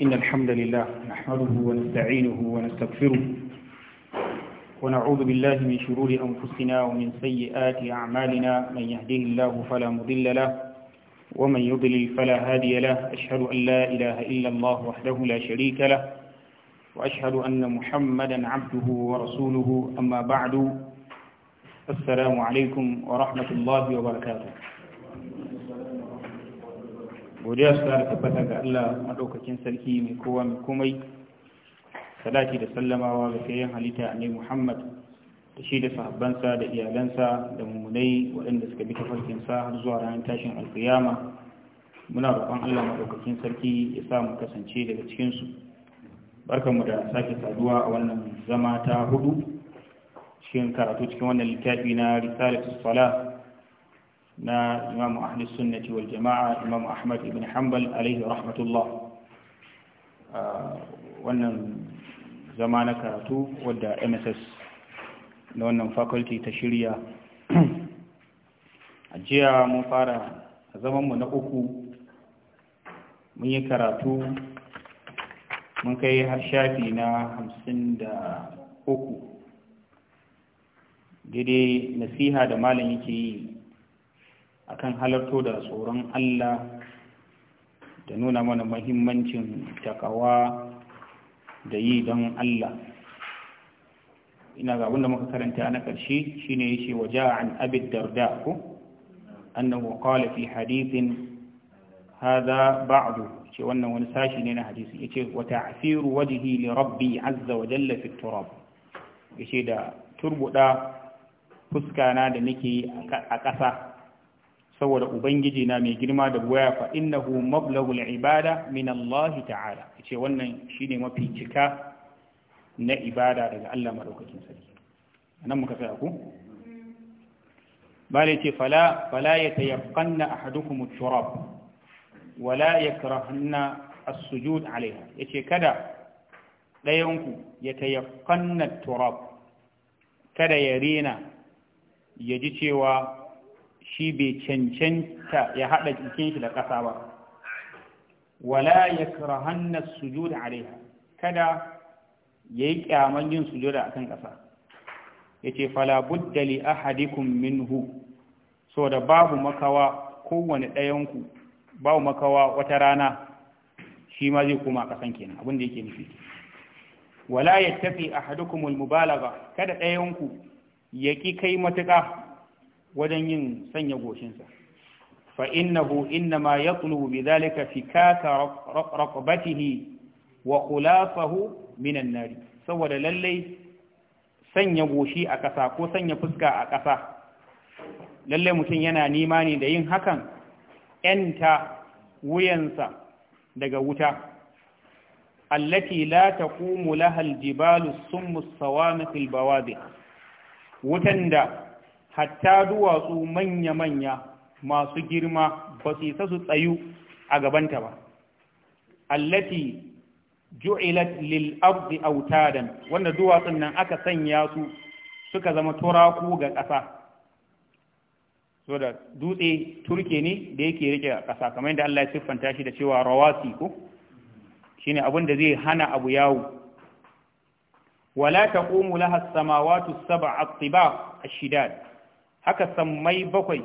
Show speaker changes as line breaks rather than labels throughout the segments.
إن الحمد لله نحمده ونستعينه ونستغفره ونعوذ بالله من شرور أنفسنا ومن سيئات أعمالنا من يهديه الله فلا مضل له ومن يضلل فلا هادي له أشهد أن لا إله إلا الله وحده لا شريك له وأشهد أن محمدا عبده ورسوله أما بعد السلام عليكم ورحمة الله وبركاته godiya su ta tabbata ga Allah maɗaukakin sarki mai kowa mai komai salati da sallamawa ga kayan halitta a ne Muhammad da shi da sahabbansa da iyalansa da mummunai waɗanda suka bi tafarkinsa har zuwa ranar tashin alkiyama muna roƙon Allah maɗaukakin sarki ya sa mu kasance daga cikinsu barkanmu da sake saduwa a wannan zama ta hudu cikin karatu cikin wannan littafi na risalatu salah na imamu ahli sunnati wal jama'a imamu ahmad ibn hanbal alaihi rahmatullah ah, wannan zama na karatu wadda mss na wannan faculty ta shirya a jiya mun fara a mu na uku mun yi karatu mun kai har shafi na hamsin da uku daidai nasiha da malam yake yi akan halarto da tsoron Allah da nuna mana mahimmancin takawa da yi don Allah ina ga abinda muka karanta na ƙarshe shine yace waja an abi darda ku annahu qala fi hadithin hadha ba'du ce wannan wani sashi ne na hadisi yace wa ta'firu wajhi li rabbi azza wa jalla fi turab yace da turbuda fuska na da nake a ƙasa saboda ubangiji na mai girma da waya fa innahu mablagul ibada min Allah ta'ala yace wannan shine mafi cika na ibada daga Allah madaukakin sarki anan muka tsaya ku bale yace fala fala yatayaqqanna ahadukum at-turab wala yakrahanna as-sujud alaiha yace kada dayanku yatayaqqanna at-turab kada ya rena ya ji cewa shi bai cancanta ya haɗa jikin shi da ƙasa ba wala ya karahanna sujuda alaiha kada ya yi ƙyaman yin sujuda a kan ƙasa ya ce falabudda hadikun min minhu so da babu makawa kowane ɗayanku babu makawa wata rana shi ma zai koma ƙasan kenan abin da yake nufi wala ya tafi a ahadukumul mubalagha kada ɗayanku ya ƙi kai matuƙa wajen yin sanya goshinsa fa innahu innama yatlubu bidhalika fikaka raqabatihi wa khulasahu minan nari saboda lallai sanya goshi a ƙasa ko sanya fuska a ƙasa lallai mutum yana nimani ne da yin hakan ‘yanta wuyansa daga wuta allati la taqumu lahal jibalu summus sawamil bawadi wutan da hatta duwatsu manya-manya masu girma ba su isa su tsayu a gabanta ba allati ju'ilat lil ardi autadan wanda duwatsun nan aka sanya su suka zama turaku ga ƙasa da dutse turke ne da yake rike a ƙasa kamar yadda Allah ya siffanta shi da cewa rawasi ko shine abin da zai hana abu yawo wala taqumu laha as-samawati saba at-tibaq ash-shidad haka sammai bakwai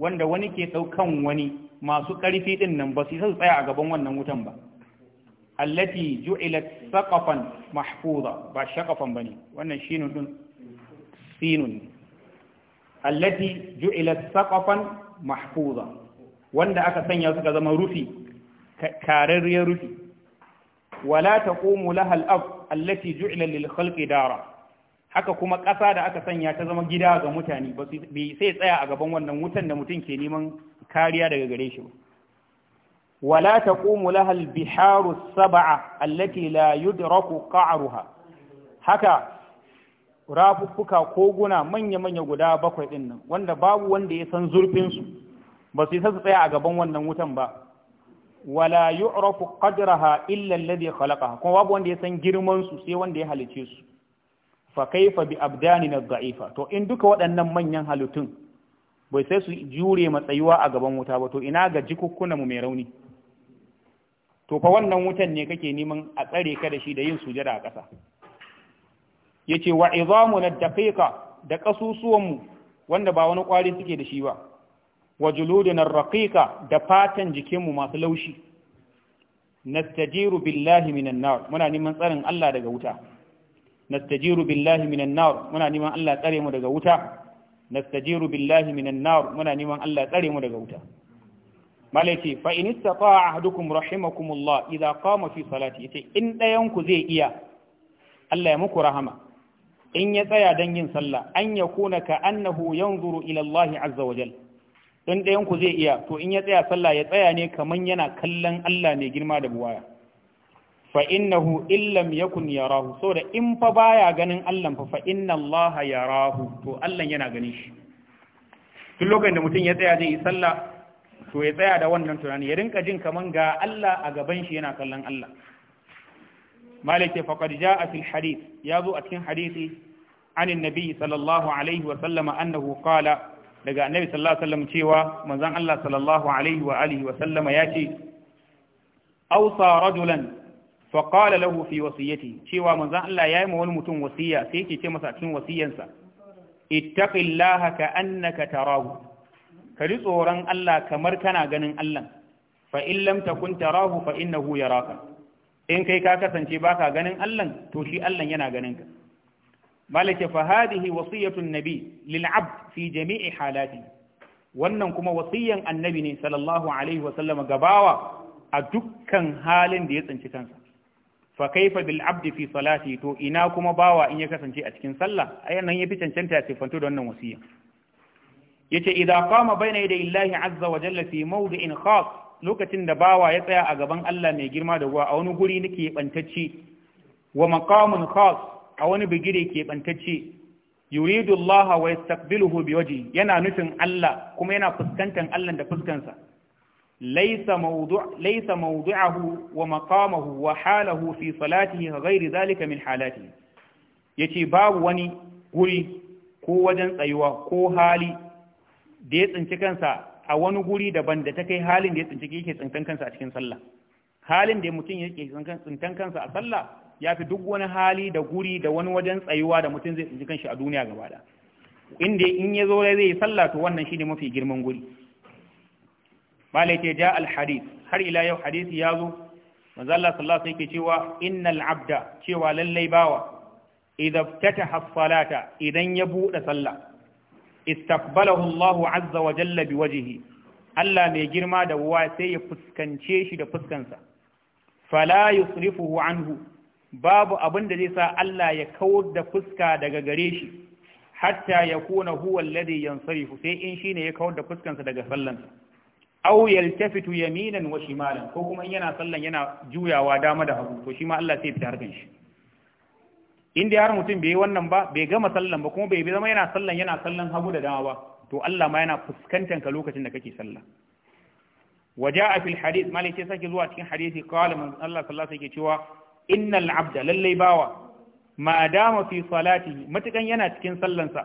wanda wani ke ɗaukan wani masu ƙarfi ɗin nan ba su isa tsaya a gaban wannan wutan ba allati ju'ilat saqafan mahfuza ba shaqafan bane wannan shinun din sinun allati ju'ilat saqafan mahfuza wanda aka sanya suka zama rufi kararriyar rufi wala taqumu laha al-ab allati ju'ila lil khalqi dara haka kuma ƙasa da aka sanya ta zama gida ga mutane ba sai tsaya a gaban wannan wutan da mutum ke neman kariya daga gare shi ba wala taqumu laha al-biharu as-sab'a allati la yudraku qa'ruha haka rafuffuka koguna manya-manya guda bakwai din nan wanda babu wanda ya san zurfin su ba sai tsaya a gaban wannan wutan ba wala yu'rafu qadraha illa alladhi khalaqaha kuma babu wanda ya san girmansu sai wanda ya halice su fa kaifa bi na dha'ifa to in duka waɗannan manyan halittun bai sai su jure matsayuwa a gaban wuta ba to ina ga jikukkuna mu mai rauni to fa wannan wutan ne kake neman a tsare ka da shi da yin sujada a ƙasa yace wa na dafika da kasusuwan mu wanda ba wani kwari suke da shi ba wa juluduna raqiqa da fatan jikinmu masu laushi nastajiru billahi minan nar muna neman tsarin Allah daga wuta nastajiru billahi minan nar muna neman Allah tsare mu daga wuta nastajiru billahi minan nar muna neman Allah tsare mu daga wuta malaki fa in istata'a ahadukum rahimakumullah idza qama fi salati yace in dayan ku zai iya Allah ya muku rahama in ya tsaya dan yin sallah an kuna ka annahu yanzuru ila Allah azza wa in dayan ku zai iya to in ya tsaya sallah ya tsaya ne kaman yana kallon Allah mai girma da buwaya fa innahu illam yakun yarahu so da in fa baya ganin Allah fa fa inna Allah to Allah yana ganin shi duk lokacin da mutum ya tsaya zai yi sallah to ya tsaya da wannan tunani ya rinka jin kaman ga Allah a gaban shi yana kallon Allah malik fa qad jaa fil hadith ya zo a cikin hadisi anin nabi sallallahu alaihi wa sallama annahu qala daga annabi cewa manzon Allah sallallahu alaihi wa sallama ya ce rajulan fa qala lahu fi wasiyati cewa manzon Allah yi ma wani mutum wasiya sai yake ce masa cin cikin wasiyansa ittaqillaha ka annaka tarahu ka tsoron Allah kamar kana ganin Allah fa in lam takun tarahu fa innahu yaraka in kai ka kasance baka ganin Allah to shi Allah yana ganin ka malaka fa hadhihi wasiyatu nabi lil abd fi jami'i halati wannan kuma wasiyan annabi ne sallallahu alaihi wa sallam gabawa a dukkan halin da ya tsinci kansa fa kaifa bil abdi fi salati to ina kuma bawa in ya kasance a cikin sallah ayan nan yafi cancanta ya sifanto da wannan wasiya yace idza qama baina yaday illahi azza wa jalla fi mawdi'in khas lokacin da bawa ya tsaya a gaban Allah mai girma da ruwa a wani guri nake bantacce wa maqamun khas a wani bigire ke bantacce yuridu Allah wa yastaqbiluhu biwaji yana nufin Allah kuma yana fuskantar Allah da fuskansa laisa mawdu'ahu wa maqamahu wa halahu fi salatihi ghairi zalika min halatihi yace babu wani guri ko wajen tsayuwa ko hali da ya tsinci kansa a wani guri daban da ta kai halin da ya tsinci yake tsinkan kansa a cikin sallah halin da mutum yake tsinkan kansa a sallah ya fi duk wani hali da guri da wani wajen tsayuwa da mutum zai tsinci kanshi a duniya gaba da inda in ya zo zai yi sallah to wannan shine mafi girman guri malai ja alhadis har ila yau hadisi ya zo manzo Allah sallallahu alaihi yake cewa innal abda cewa lallai bawa idza ftataha salata idan ya bude sallah istaqbalahu Allah azza wa jalla biwajhi Allah mai girma da wa sai ya fuskance shi da fuskansa fala yusrifuhu anhu babu abin da zai sa Allah ya kawar da fuska daga gare shi hatta kuna huwa alladhi yansarifu sai in shine ya kawar da fuskansa daga sallansa aw yaltafitu yaminan wa shimalan ko kuma in yana sallan yana juyawa dama da hagu to shi ma Allah sai ya fita shi in dai har mutum bai yi wannan ba bai gama sallan ba kuma bai zama yana sallan yana sallan hagu da dama ba to Allah ma yana fuskantar ka lokacin da kake salla, sallah وجاء في الحديث sai يسكي zuwa cikin hadisi qala man Allah sallallahu alaihi yake cewa innal abda lallai bawa ma dama fi salatihi matukan yana cikin sallansa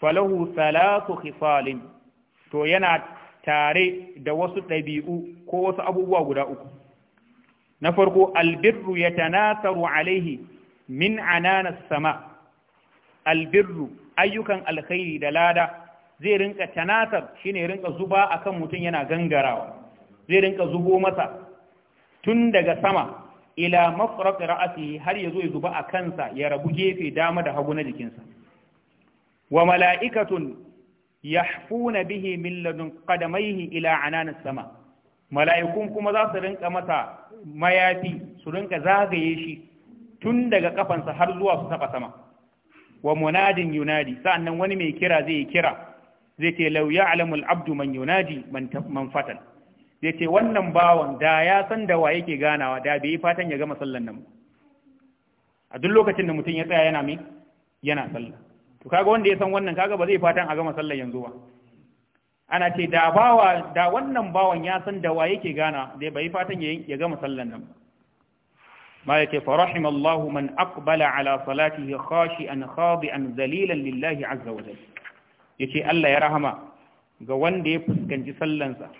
falahu salatu khisalin to yana tare da wasu ɗabi'u ko wasu abubuwa guda uku na farko albirru ya tanasaru alaihi min ananas sama albirru ayyukan alkhairi da lada zai rinka tanasar ne rinka zuba a kan mutum yana gangarawa zai rinka zubo masa tun daga sama ila mafraq ra'asi har zo ya zuba a kansa ya rabu gefe dama da hagu na jikinsa wa mala'ikatun yahfuna bihi min ladun qadamaihi ila ananis sama mala'ikun kuma za su rinka masa mayafi su rinka zagaye shi tun daga kafansa har zuwa su taba sama wa munadin yunadi sa'annan wani mai kira zai yi kira zai ce law ya'lamu al-abdu man yunadi man fatan zai ce wannan bawan da ya san da wa yake ganawa da bai fatan ya gama sallan nan a duk lokacin da mutum ya tsaya yana mai yana sallah to kaga wanda ya san wannan kaga ba zai fatan a gama sallar yanzu ba ana ce da bawa da wannan bawan ya san da wa yake gana da bai fatan ya gama sallar nan ma yake fa rahimallahu man aqbala ala salatihi khashian khadi'an zalilan lillahi azza wa jalla yace Allah ya rahama ga wanda ya fuskanci sallansa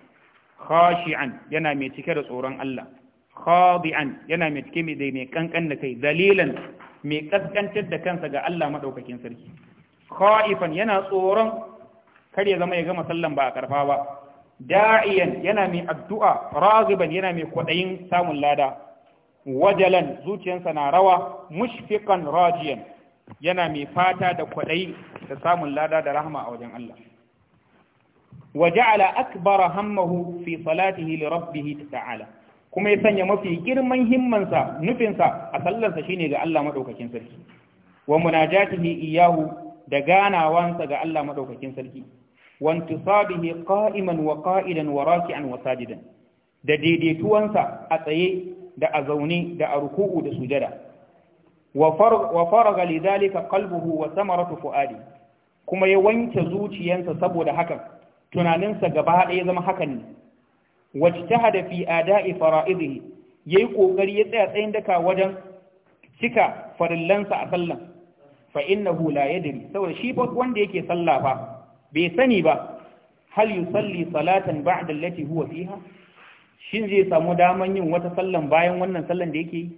khashi'an yana mai cike da tsoron Allah khadi'an yana mai cike mai kankan da kai zalilan mai kaskantar da kansa ga Allah madaukakin sarki kha'ifan yana tsoron kar ya zama ya gama sallan ba a karfa ba da'iyan yana mai addu'a Raziban yana mai kwaɗayin samun lada wajalan zuciyansa na rawa mushfiqan rajiyan yana mai fata da kwaɗayi da samun lada da rahama a wajen Allah wa ja'ala akbara hammahu fi salatihi li rabbih ta'ala kuma ya sanya mafi girman himmansa nufinsa a sallarsa shine ga Allah madaukakin sarki wa munajatihi iyahu da ganawansa ga Allah maɗaukakin sarki wantisabihi qa'iman wa ƙa'idan wa raki'an wa sajidan da daidaituwansa a tsaye da a zaune da a ruku'u da sujada wa faraga zalika qalbuhu wa samaratu fuadi kuma ya wanke zuciyansa saboda hakan tunaninsa gaba ɗaya zama hakan ne hada fi ada'i fara'idihi yayi ƙoƙari ya tsaya tsayin daka wajen cika farillansa a sallan fa innahu la yadri saboda shi fa wanda yake sallah fa bai sani ba hal yusalli salatan ba'da allati huwa fiha shin zai samu daman yin wata sallan bayan wannan sallan da yake yi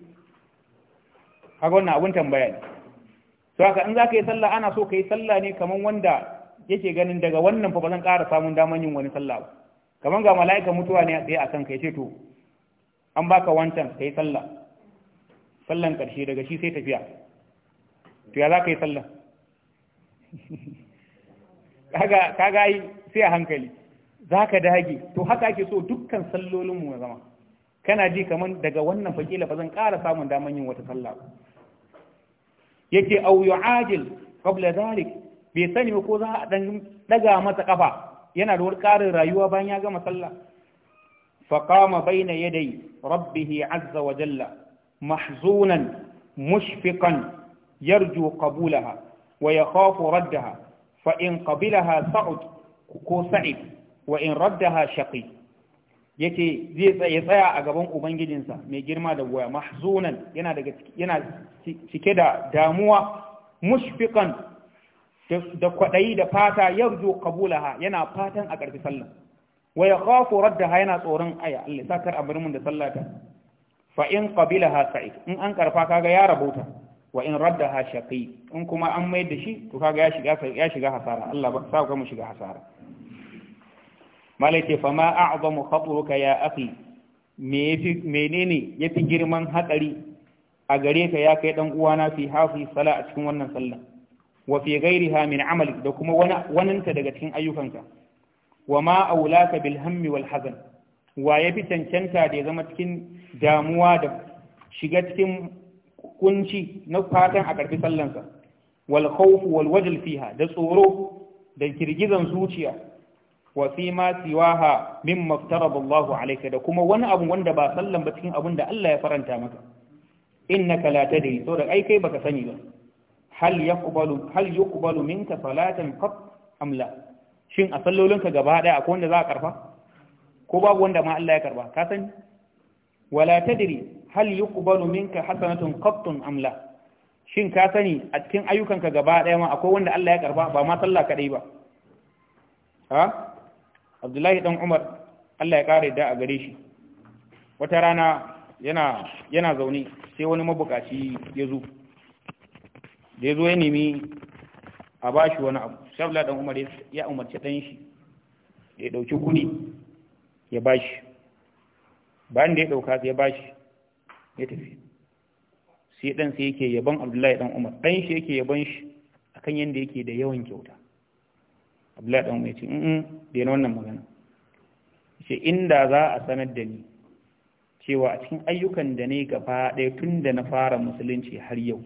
kaga wannan abun tambaya ne to haka in zaka yi sallah ana so ka yi sallah ne kaman wanda yake ganin daga wannan fa ba zan ƙara samun daman yin wani sallah ba kaman ga mala'ika mutuwa ne a tsaye akan kai ce to an baka wancan yi sallah sallan karshe daga shi sai tafiya to ya za ka yi sallah kaga yi sai a hankali za ka dage to haka ake so dukkan sallolinmu na zama kana ji kamar daga wannan fakila ba zan ƙara samun damar yin wata sallah yake au yu'ajil qabla dhalik bai sani ko za a dan daga masa kafa yana da wani ƙarin rayuwa bayan ya gama sallah فقام بين يدي ربه عز وجل mahzunan مشفقا yarju qabulaha wa yakhafu raddaha fa in qabilaha sa'ud ko sa'id wa in raddaha shaqi yake zai ya tsaya a gaban ubangijinsa mai girma da waya mahzunan yana daga yana cike da damuwa mushfiqan da kwadayi da fata yarju qabulaha yana fatan a karfi sallah wa yakhafu raddaha yana tsoron aya Allah sakar abarmun da sallata fa in qabilaha sa'id in an karfa kaga ya rabauta wa in radda ha shaqi in kuma an mai da shi to kaga ya shiga ya shiga hasara Allah ba sa ga mu shiga hasara malaka fa ma a'zamu ya akhi me yafi menene yafi girman hatsari a gare ka ya kai dan uwana fi hafi sala a cikin wannan sallah wa fi ghairiha min amali da kuma wani waninta daga cikin ayyukanka wa ma aulaka bil hammi wal hazan wa yafi cancanta da ya zama cikin damuwa da shiga cikin kunci na fatan a karfi sallansa wal khawf wal wajl fiha da tsoro da kirgizan zuciya wa fi ma siwaha min maftarada Allah alayka da kuma wani abu wanda ba sallan ba cikin abin da Allah ya faranta maka innaka la tadri to da ai kai baka sani ba hal yaqbalu hal yuqbalu minka salatan qat am la shin a sallolinka gaba daya akwai wanda za a karfa ko babu wanda ma Allah ya karba ka sani wala tadri hal yuqbalu minka hasanatun qattun amla shin ka sani a cikin ayyukanka gaba ɗaya ma akwai wanda Allah ya karba ba ma sallah kadai ba ha Abdullahi dan Umar Allah ya kare da a gare shi wata rana yana yana zaune sai wani mabukaci ya zo da ya zo ya nemi a bashi wani abu shabla dan Umar ya umarci dan shi ya dauki kuɗi ya bashi bayan da ya ɗauka sai ya bashi ya tafi sai dan sai yake yaban Abdullahi dan Umar dan shi yake yaban shi akan yanda yake da yawan kyauta Abdullahi dan Umar ya ce mm da wannan magana ce inda za a sanar da ni cewa a cikin ayyukan da ne gaba ɗaya tun da na fara musulunci har yau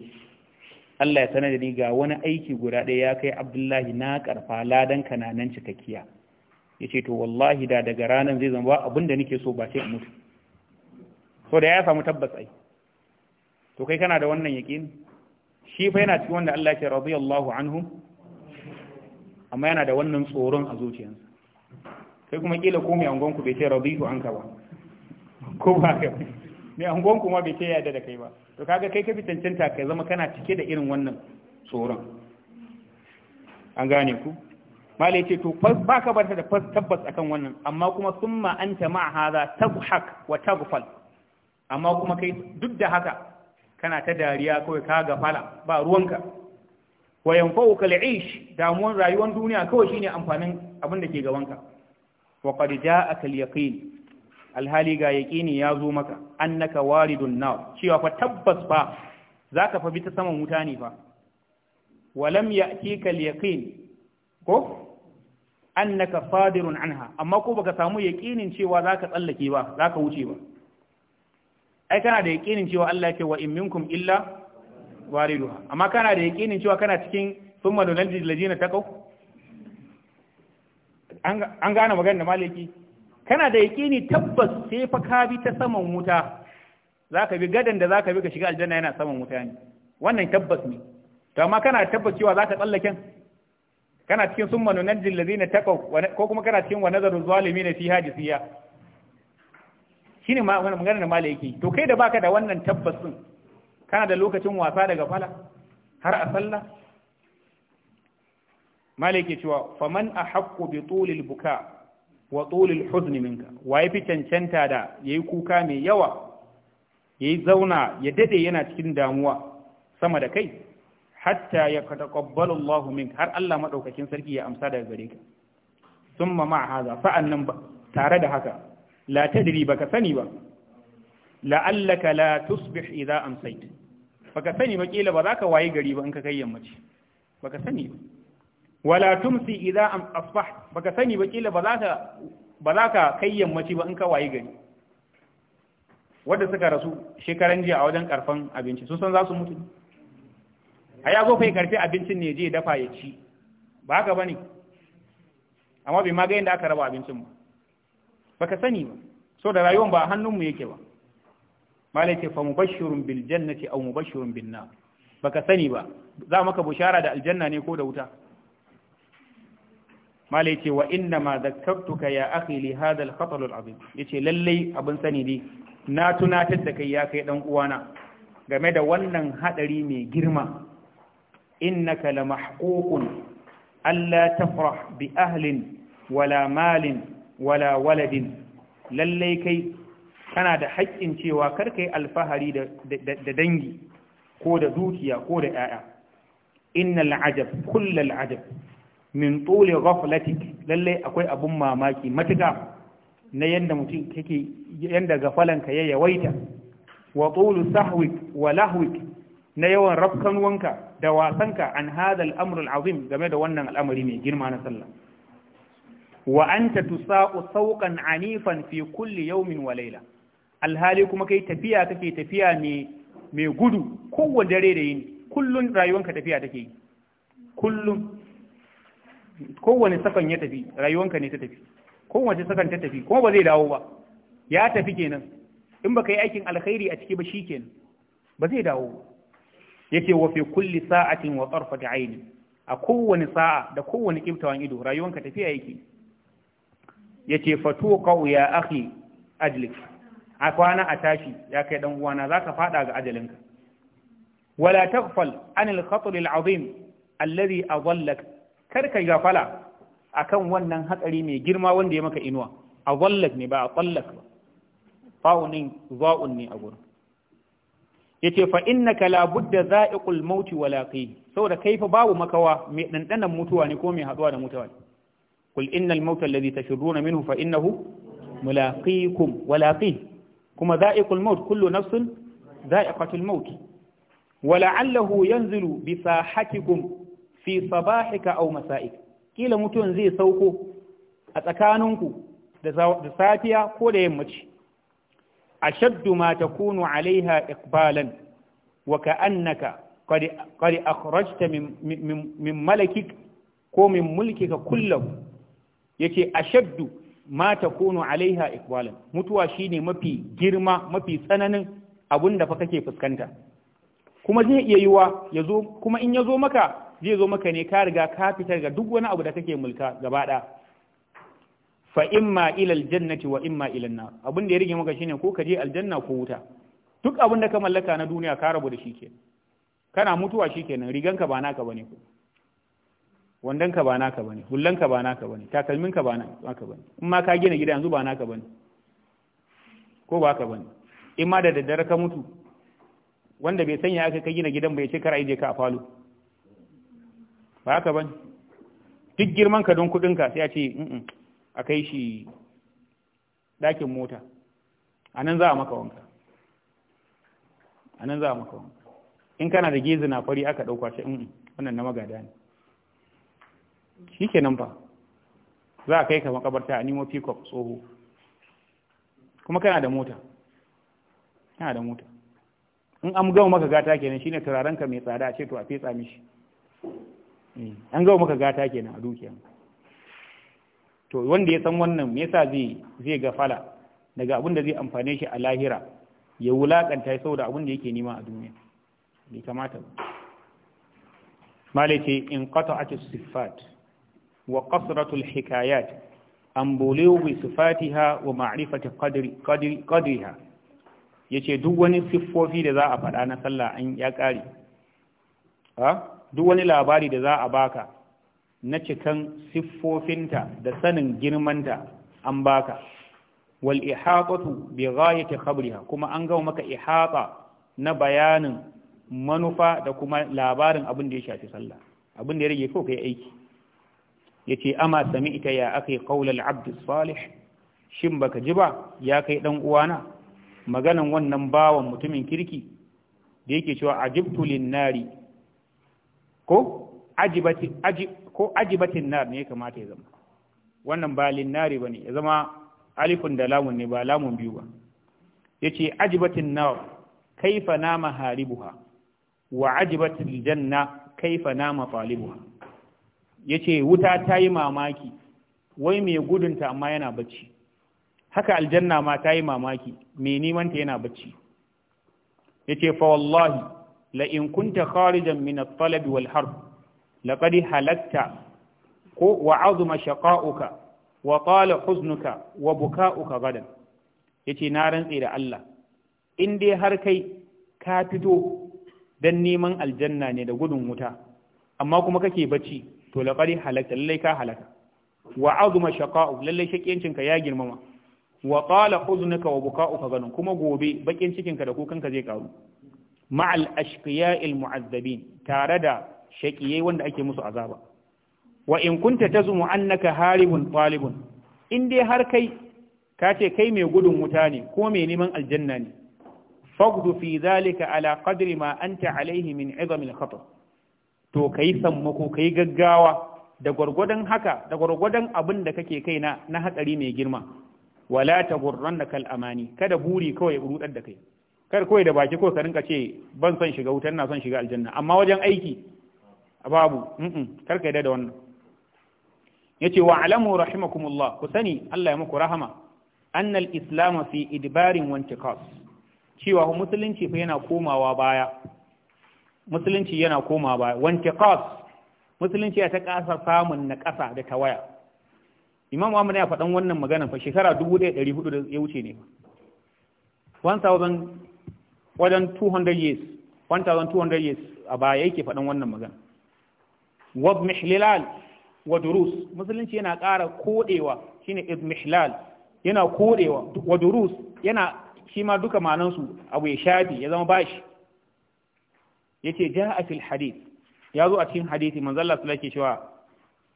Allah ya sanar da ni ga wani aiki guda ɗaya ya kai Abdullahi na karfa ladan kananan cikakkiya ya ce to wallahi da daga ranar zai zama abin da nake so ba sai in mutu so da ya samu tabbas ai to kai kana da wannan yaƙini shi fa yana cikin wanda Allah ke radiyallahu anhu amma yana da wannan tsoron a zuciyarsa kai kuma kila ko mai angon ku bai ce radiyu anka ba ko ba ka mai angon ku ma bai ce yadda da kai ba to kaga kai ka tantanta ka zama kana cike da irin wannan tsoron an gane ku malai ce to ba ka barta da tabbas akan wannan amma kuma summa anta ma hadha tabhak wa tabfal amma kuma kai duk da haka kana ta dariya kawai ka fala ba ruwanka wa yanfa'uka damuwan rayuwar duniya kawai shine amfanin abin da ke gabanka wa qad ja'aka al-yaqin alhali ga yaqini ya zo maka annaka waridun nar cewa fa tabbas fa zaka fa bi ta saman wuta ne fa wa lam ya'tika al-yaqin ko annaka fadirun anha amma ko baka samu yaqinin cewa zaka tsallake ba zaka wuce ba ai kana da yaqinin cewa Allah ce wa in minkum illa wariduha amma kana da yaqinin cewa kana cikin thumma lanjil ladina taqaw an gane magana maliki kana da yaqini tabbas sai fa ka bi ta saman wuta zaka bi gadan da zaka bi ka shiga aljanna yana saman wuta ne wannan tabbas ne to amma kana tabbas cewa zaka tsallaken kana cikin summa nunajjil ladina taqaw ko kuma kana cikin wa nazarul zalimin fi jisiya shi ne magana da malai yake to kai da baka da wannan tabbasin kana da lokacin wasa daga fala har a sallah malai yake cewa faman ahaqqu bi tulil buka wa tulil huzn minka waye fi cancanta da yayi kuka mai yawa yayi zauna ya dade yana cikin damuwa sama da kai hatta ya kataqabbalu Allah min har Allah madaukakin sarki ya amsa daga gare ka summa ma hadha ba tare da haka la ba ka sani ba la'allaka la tusbih idza Ba ka sani ba kila ba zaka waye gari ba in ka kai yammaci Ba ka sani ba wala tumsi idza am asbah ka sani ba kila ba za ka kai yammaci ba in ka waye gari Wadda suka rasu shekaran jiya a wajen karfan abinci sun san za su mutu a ya zo karfe abincin ne je dafa ya ci ba haka ne. amma bai ma ga aka raba abincin ba baka sani ba so da rayuwan ba a hannunmu yake ba malai ce fa mubashshirun bil jannati aw mubashshirun bin nar baka sani ba za maka bushara da aljanna ne ko da wuta malai ce wa inna ma zakkartuka ya akhi li hadha al khatar al azim yace lalle abin sani ne na tunatar da kai ya kai dan uwana game da wannan hadari mai girma innaka la mahququn alla tafrah bi ahlin wala malin wala waladin lallai kai kana da haƙƙin cewa kar yi alfahari da dangi ko da dukiya ko da 'ya'ya innal ajab kullal ajab min tuli ghaflatik lallai akwai abun mamaki matuka na yanda mutum kake yanda gafalanka ya yawaita wa tulu sahwik wa lahwik na yawan rafkanwanka da wasanka an hadha al-amr al-azim game da wannan al'amari mai girma na sallah wa anta tusa'u sauqan anifan fi kulli yawmin wa layla alhali kuma kai tafiya kake tafiya ne mai gudu kowane dare da yini kullun rayuwanka tafiya take yi kullun kowane sakan ya tafi rayuwanka ne ta tafi kowace sakan ta tafi kuma ba zai dawo ba ya tafi kenan in baka yi aikin alkhairi a ciki ba shikenan ba zai dawo Yake wa fi kulli sa'atin wa da aini a kowane sa'a da kowane kiftawan ido rayuwanka tafiya yake yace fatuqa ya akhi ajlik a kwana a tashi ya kai dan uwana zaka fada ga ajalinka wala taghfal an al-khatr al kar alladhi adallak karka gafala akan wannan hatsari mai girma wanda ya maka inuwa adallak ne ba adallak ba fa'unin za'un ne a gurin yace fa innaka la budda za'iqul mauti wa laqi saboda kai fa babu makawa mai dandanan mutuwa ne ko mai haduwa da mutuwa ne qul innal mauta alladhi tashurruna minhu fa innahu mulaqikum walaqi kuma dha'iqul maut kullu nafsin dha'iqatul maut wala'allahu yanzilu bi sahatikum fi sabahika aw masa'ik kila mutuwan zai sauko a tsakaninku da safiya ko da A ashaddu ma takunu alaiha iqbalan wa ka qad min min malakik ko min mulkika kullahu yace ashaddu ma takunu alaiha iqbalan mutuwa shine mafi girma mafi tsananin abun da fa kake fuskanta kuma zai iya yiwa yazo kuma in yazo maka zai zo maka ne ka riga ka fita ga duk wani abu da kake mulka gaba ɗaya fa imma ila aljannati wa imma ila nar abun da ya rige maka shine ko ka je aljanna ko wuta duk abun da ka mallaka na duniya ka rabu da shi kenan kana mutuwa shi kenan riganka ba naka bane ko wandonka ba naka bane hullanka ba naka bane takalminka ba naka bane in ma ka gina gida yanzu ba naka bane ko ba ka bane in ma da daddare ka mutu wanda bai sanya aka ka gina gidan bai ce kar aije ka a falo ba haka bane duk girman ka don kudin ka sai a ce a kai shi dakin mota a nan za a maka wanka a nan za a maka wanka in kana da gezi na fari aka ɗauka shi wannan na magada ne Shi nan ba za a kai ka makabarta a nemo pickup tsoho kuma kana da mota kana da mota in an gama maka gata kenan shine turaren ka mai tsada a ce to a fesa mishi eh, an gama maka gata kenan a dukiyan to wanda ya san wannan me yasa zai zai gafala daga abin da zai amfane shi a lahira ya wulakanta ya saboda abin da yake nema a duniya bai kamata ba malai ce in qata'at as-sifat وقصرة الحكايات عن بلوغ صفاتها wa قدر قدر ya ce duk wani siffofi da za a faɗa na sallah an ya ƙare duk wani labari da za a baka na cikan siffofinta da sanin girmanta an baka wal ihaqatu bi ghayati khabriha kuma an gama maka ihata na bayanin manufa da kuma labarin abin da ya shafi sallah abin da ya rage ko kai aiki yace ama ita ya akai qaulal Abdi salih shin baka ji ba ya kai dan uwana maganan wannan bawan mutumin kirki da yake cewa ajibtu lin nari ko ajibati ajib ko ajibatin nar ne ya kamata ya zama wannan ba lin nari bane ya zama alifun da lamun ne ba lamun biyu ba yace ajibatin nar kaifa nama haribuha wa ajibatil janna kaifa nama talibuha ya ce wuta ta yi mamaki wai mai gudunta amma yana bacci haka aljanna ma ta yi mamaki mai nimanta yana bacci ya ce fa wallahi la in kunta kharijan min talabi wal harb laqad halakta ko wa azuma shaqa'uka wa ƙala huznuka wa buka'uka gadan ce na rantse da Allah in dai har kai ka fito don neman aljanna ne da gudun wuta amma kuma kake bacci to laqad halakta lallai ka halaka wa azuma shaqa'u lallai shakiyancinka ya girmama wa qala huzunuka wa buka'uka ganin kuma gobe bakin cikinka da kukanka zai karu ma'al ashqiya'il mu'azzabin tare da shaqiyai wanda ake musu azaba wa in kunta tazumu annaka haribun talibun in dai har kai ka ce kai mai gudun wuta ne ko mai neman aljanna ne fagdu fi zalika ala qadri ma anta alaihi min izamil khatar to ka yi sammako ka yi gaggawa da gwargwadon haka da gwargwadon abin da kake kai na na hatsari mai girma wala ta gurran da kal amani kada buri kawai ya rudar da kai kar kawai da baki ko ka rinka ce ban son shiga wutar na son shiga aljanna amma wajen aiki babu kar ka da wannan yace wa alamu rahimakumullah ku sani Allah ya muku rahama annal islam fi idbarin wa cewa musulunci fa yana komawa baya musulunci yana koma ba wanke kawas musulunci ya ta ƙasa samun na ƙasa da tawaya imam Muhammad ya faɗan wannan magana fa shekara 1400 da ya wuce ne 1000 years 1200 years a baya yake faɗan wannan magana wab mihlilal wa durus musulunci yana ƙara kodewa shine izmihlal yana kodewa wa durus yana shi ma duka manansu abu ya shafi ya zama bashi yace jaa fil hadith ya zo a cikin hadisi manzo Allah sallallahu alaihi wasallam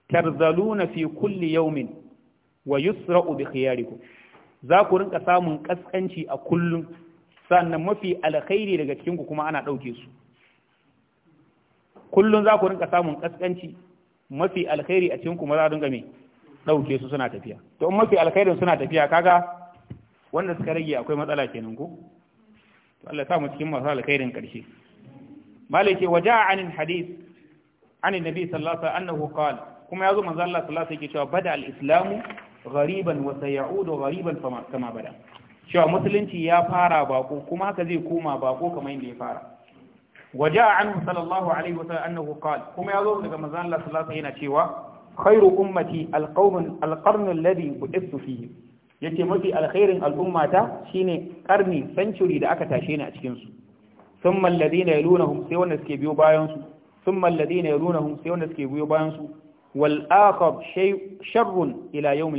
tarzaluna fi kulli yawmin wa yusra'u bi khiyarikum za ku rinka samun kaskanci a kullum sannan mafi alkhairi daga cikin ku kuma ana dauke su kullum za ku rinka samun kaskanci mafi alkhairi a cikin ku ma za rinka me dauke su suna tafiya to in mafi alkhairin suna tafiya kaga wanda suka rage akwai matsala kenan ko to Allah ya sa mu cikin masu alkhairin karshe malike wa ja'a anil hadith anin nabi sallallahu alaihi wasallam annahu qala kuma ya zo manzo Allah Sallasa alaihi wasallam cewa bada al-islamu ghariban wa sayaudu ghariban kama bada cewa musulunci ya fara bako kuma haka zai koma bako kamar yadda ya fara waje a anhu sallallahu alaihi wasallam annahu qala kuma ya zo daga manzo Allah Sallasa yana cewa khairu ummati alqawm alqarn alladhi bu'ithu fihi yace mafi alkhairin al'ummata shine karni century da aka tashe ni a cikin su thumma alladhina yalunhum sai wanda suke biyo bayan su wanda suke biyo bayan su sharrun ila yawm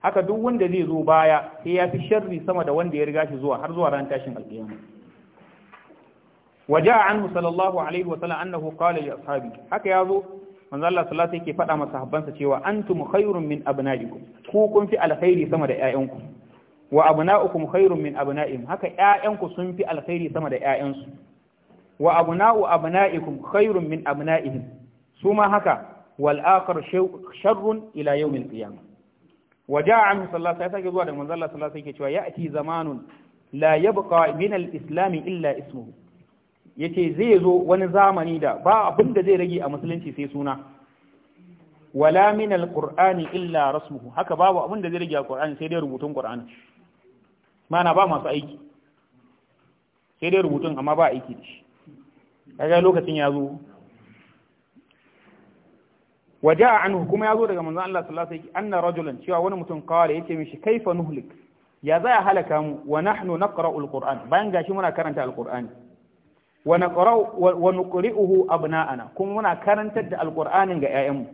haka duk wanda zai zo baya sai ya fi sharri sama da wanda ya riga shi zuwa har zuwa ran tashin al qiyamah وجاء عنه صلى الله عليه وسلم أنه قال لأصحابه haka ya manzo Allah sallallahu alaihi yake faɗa masa habbansa cewa antum khairun min abnaikum ku kun fi alkhairi sama da ƴaƴanku wa abna'ukum khairun min abna'ihim haka ƴaƴanku sun fi alkhairi sama da ƴaƴansu wa abna'u abna'ikum khairun min abna'ihim su ma haka wal akhar sharrun ila yawmil qiyamah wa ja'a anhu sallallahu alaihi wasallam zuwa da manzo Allah sallallahu alaihi wasallam yake cewa ya'ti zamanun la yabqa min al-islam illa ismuhu yace zai zo wani zamani da ba abin da zai rage a musulunci sai suna wala min al-qur'ani illa rasmuhu haka babu abin da zai rage a qur'ani sai dai rubutun qur'ani mana ba masu aiki sai dai rubutun amma ba aiki da shi kaga lokacin ya zo waje a anhu kuma ya zo daga manzon Allah sallallahu alaihi wasallam anna rajulan cewa wani mutum kawai yake mishi kaifa nuhlik ya za a halaka mu wa nahnu naqra'u alquran bayan gashi muna karanta alqurani wa naqra'u wa nuqri'uhu abna'ana kuma muna karantar da alqur'anin ga mu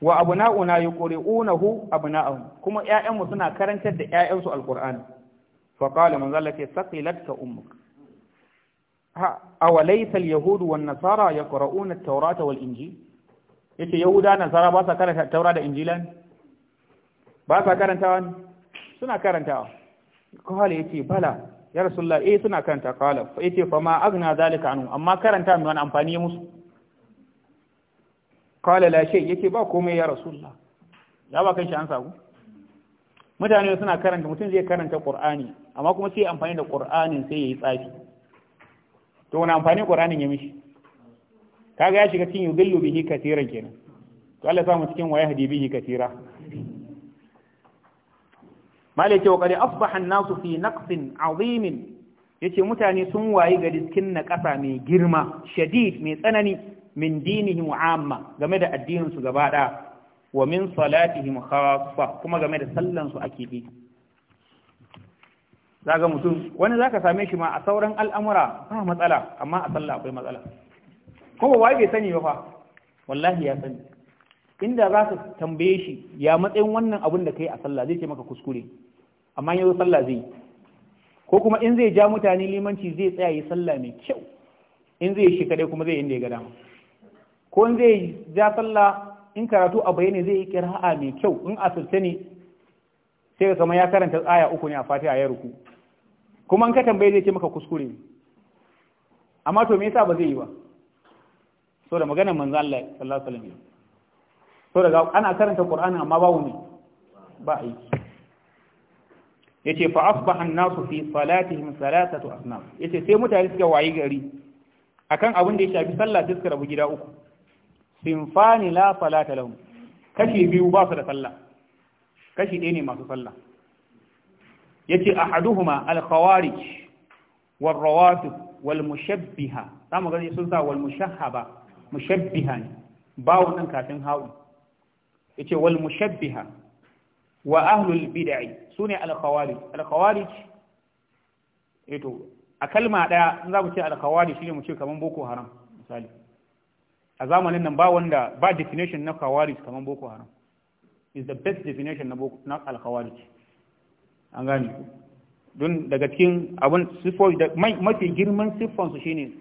wa abna'una yuqri'unahu abna'ahum kuma mu suna karantar da ƴaƴansu alqur'ani fa qala manzo Allah ce saqilatka ummuk ha awalaysa al-yahud wan nasara yaqra'una at-taurata wal injil yace yahuda nasara ba karanta taura da injila ne ba sa karantawa ne suna karantawa qala yace bala ya rasulullah eh suna karanta qala yace fa ma aghna zalika anhu amma karanta mai wani amfani musu qala la shay yace ba komai ya ya ba an mutane suna karanta mutum zai karanta qur'ani amma kuma sai amfani da qur'anin sai yayi tsafi to wani amfani qur'anin ya mishi kaga ya shiga cikin yugallu bihi katiran kenan to Allah ya samu cikin waya hadi bihi katira malike wa qad asbaha an-nasu fi naqsin 'azim yace mutane sun wayi ga diskin na kasa mai girma shadid mai tsanani min dinihim amma game da addinin su gaba ɗaya wa min salatihim khassa kuma game da sallan su ake bi zaga mutum wani zaka same shi ma a sauran al'amura ba matsala amma a sallah akwai matsala ba wai bai sani ba fa wallahi ya sani inda za ka tambaye shi ya matsayin wannan abin da kai a sallah zai ce maka kuskure amma yanzu sallah zai ko kuma in zai ja mutane limanci zai tsaya yi sallah mai kyau in zai shi kadai kuma zai yi inda ya ga dama ko in zai ja sallah in karatu a bayyane zai yi kira'a mai kyau in asirce ne sai ka kama ya karanta tsaya uku ne a fatiha ya ruku kuma in ka tambaye zai ce maka kuskure amma to me yasa ba zai yi ba so da maganar manzo Allah sallallahu alaihi wasallam so daga ana karanta Qur'ani amma babu ne ba aiki yace fa asbaha an-nasu fi salatihim salatatu asnaf yace sai mutane suka wayi gari akan abin da ya shafi sallah sai suka rabu gida uku sinfani la salata lahum kashi biyu ba su da sallah kashi ɗaya ne masu sallah yace ahaduhuma al-khawarij wal rawatib wal mushabbiha zamu gani sun sa wal mushahhaba mushabbiha ne ba wannan kafin hawu yace wal mushabbiha wa ahlul bid'i sune al-khawarij al-khawarij eto eh a kalma daya in za mu ce al-khawarij shine mu ce kaman boko haram misali a zamanin nan ba wanda ba definition na khawarij kamar boko haram is the best definition na boko na al-khawarij an gane don daga cikin abun sifo mafi girman siffon su shine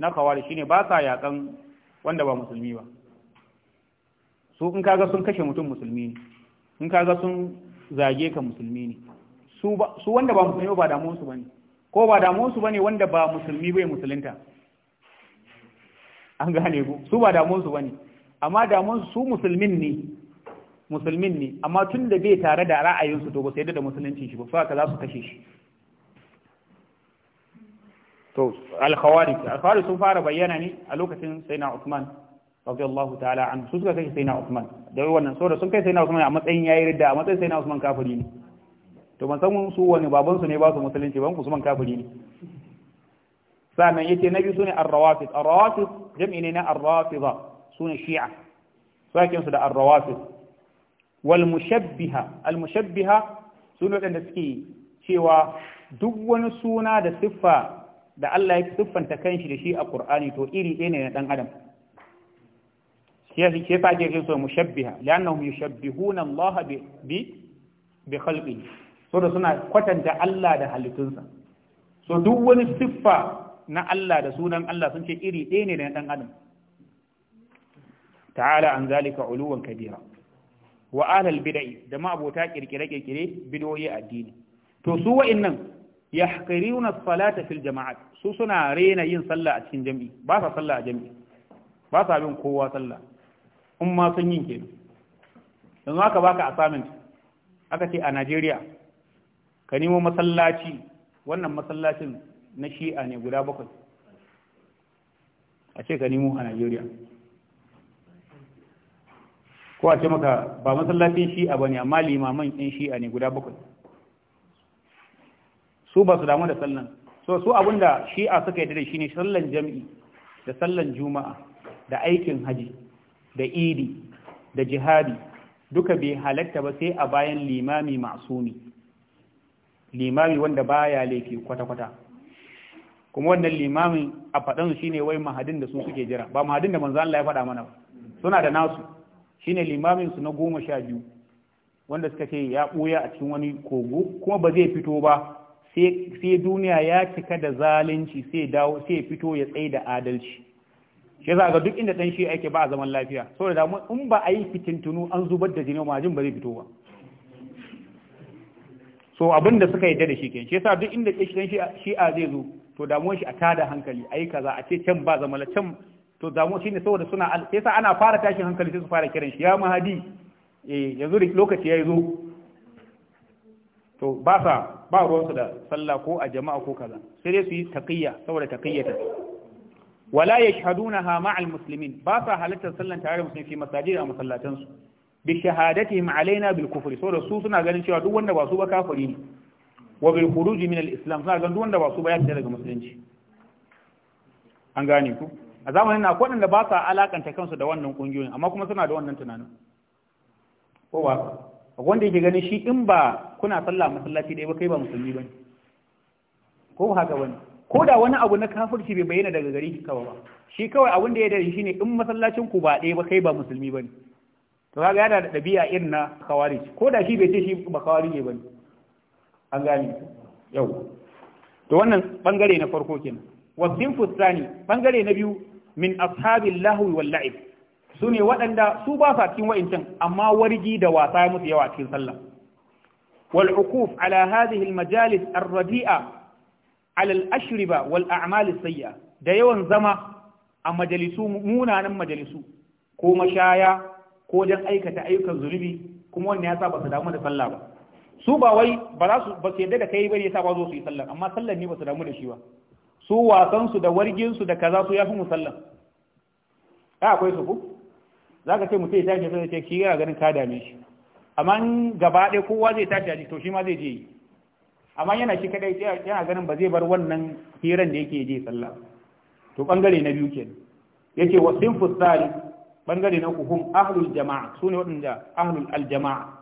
na khawarij shine ba sa yakan wanda ba musulmi ba su in kaga sun kashe mutum musulmi ne in kaga sun zage ka musulmi ne su wanda ba musulmi ba damuwarsu ba ne ko ba damuwarsu ba ne wanda ba musulmi bai musulunta an gane ku su ba damunsu su bane amma damunsu su musulmin ne musulmin ne amma tun da bai tare da ra'ayin su to ba sai da musulunci shi ba su ka za su kashe shi to al-khawarij al-khawarij sun fara bayyana ne a lokacin sayyidina Uthman radiyallahu ta'ala an su suka kashe sayyidina Uthman da wannan saboda sun kai sayyidina Uthman a matsayin yayi ridda a matsayin sayyidina Uthman kafiri ne to ban san su wani baban su ne ba su musulunci ban ku su man kafiri ne sannan yace nabi sune ar-rawafid ar-rawafid jam'i ne na ar-rafida sune shi'a sakin su da ar wal mushabbiha al mushabbiha sune wadanda suke cewa duk wani suna da siffa da Allah ya siffanta kanshi da shi a Qur'ani to iri ne na dan adam shi yasa ke fa ke so mushabbiha li'annahum yushabbihuna Allah bi bi khalqihi so da suna kwatanta Allah da halittunsa so duk wani siffa na Allah da sunan Allah sun ce iri ɗaya ne da na ɗan adam ta'ala an zalika uluwan kabira wa ahlal bid'i da maabota kirkire kirkire bid'o'i addini to su wa'annan yahqiruna as-salata fil jama'at su suna rena yin sallah a cikin jami'i ba sa sallah a jami'i ba sa bin kowa sallah in ma sun yin kenan yanzu aka baka assignment aka ce a Najeriya ka nemo masallaci wannan masallacin na shi'a ne guda bakwai a ce ka nemo a Najeriya ko a ce maka ba masallacin shi'a ba ne amma limaman in shi'a ne guda bakwai su ba su damu da sallan so su abinda shi'a suka yi da shi ne sallan jam'i da sallan juma'a da aikin haji da idi da jihadi duka bai halatta ba sai a bayan limami masumi limami wanda baya laifi kwata-kwata kuma wannan limamin a faɗan shine wai mahadin da su suke jira ba mahadin da manzo Allah ya faɗa mana ba suna da nasu shine limamin su na goma sha biyu wanda suka ce ya ɓuya a cikin wani kogo kuma ba zai fito ba sai duniya ya cika da zalunci sai dawo sai fito ya tsaye da adalci shi yasa ga duk inda dan shi ake ba a zaman lafiya saboda da in ba a yi fitintunu an zubar da jini majin ba zai fito ba so abin da suka yadda da shi ke shi yasa duk inda ɗan shi a zai zo to damuwar shi a tada hankali ayi kaza a ce can ba zamala can to damuwa shine saboda suna sai sa ana fara tashin hankali sai su fara kiran shi ya mahadi eh yanzu da lokaci yayi zo to ba sa ba su da sallah ko a jama'a ko kaza sai dai su yi taqiyya saboda taqiyyata wala yashhadunaha ma'al muslimin ba sa halartar sallan tare da musulmi fi masajid a masallatan su bi shahadatihim alaina bil kufri saboda su suna ganin cewa duk wanda ba su ba kafiri ne wa bil khuruj min al islam suna ga wanda ba su bayan da daga musulunci an gane ku a zamanin na akwai da ba sa alakanta kansu da wannan kungiyoyin amma kuma suna da wannan tunanin ko ba wanda yake gani shi in ba kuna sallah masallaci ɗaya ba kai ba musulmi bane ko haka bane ko da wani abu na kafirci bai bayyana daga gari ki kawai ba shi kawai abin da ya dare shine in masallacin ku ba ɗaya ba kai ba musulmi bane to kaga yana da ɗabi'a irin na khawarij ko da shi bai ce shi ba khawarij ne bane an gane yau to wannan bangare na farko kenan wasin fustani bangare na biyu min ashabil lahwi wal la'ib sune waɗanda su ba sa cikin wa'incan amma wargi da wasa ya musu yawa cikin sallah wal uquf ala hadhihi al majalis ar radi'a ala al ashriba wal a'mal as sayya da yawan zama a majalisu munanan majalisu ko mashaya ko dan aikata ayyukan zunubi kuma wannan ya sa ba su damu da sallah ba su ba wai ba za su ba su yadda da kai bane yasa ba zo su yi sallar amma sallar ne ba su damu da shi ba su wasan su da wargin su da kaza su yafi musallan ka akwai su ku zaka ce mutai ya tashi sai ce shi yana ganin ka dame shi amma gaba ɗaya kowa zai tashi aji to shi ma zai je yi amma yana shi kadai yana ganin ba zai bar wannan hiran da yake je sallah to bangare na biyu kenan yace wasin sinfu bangare na uku hum ahlul jama'a sune waɗanda ahlul aljama'a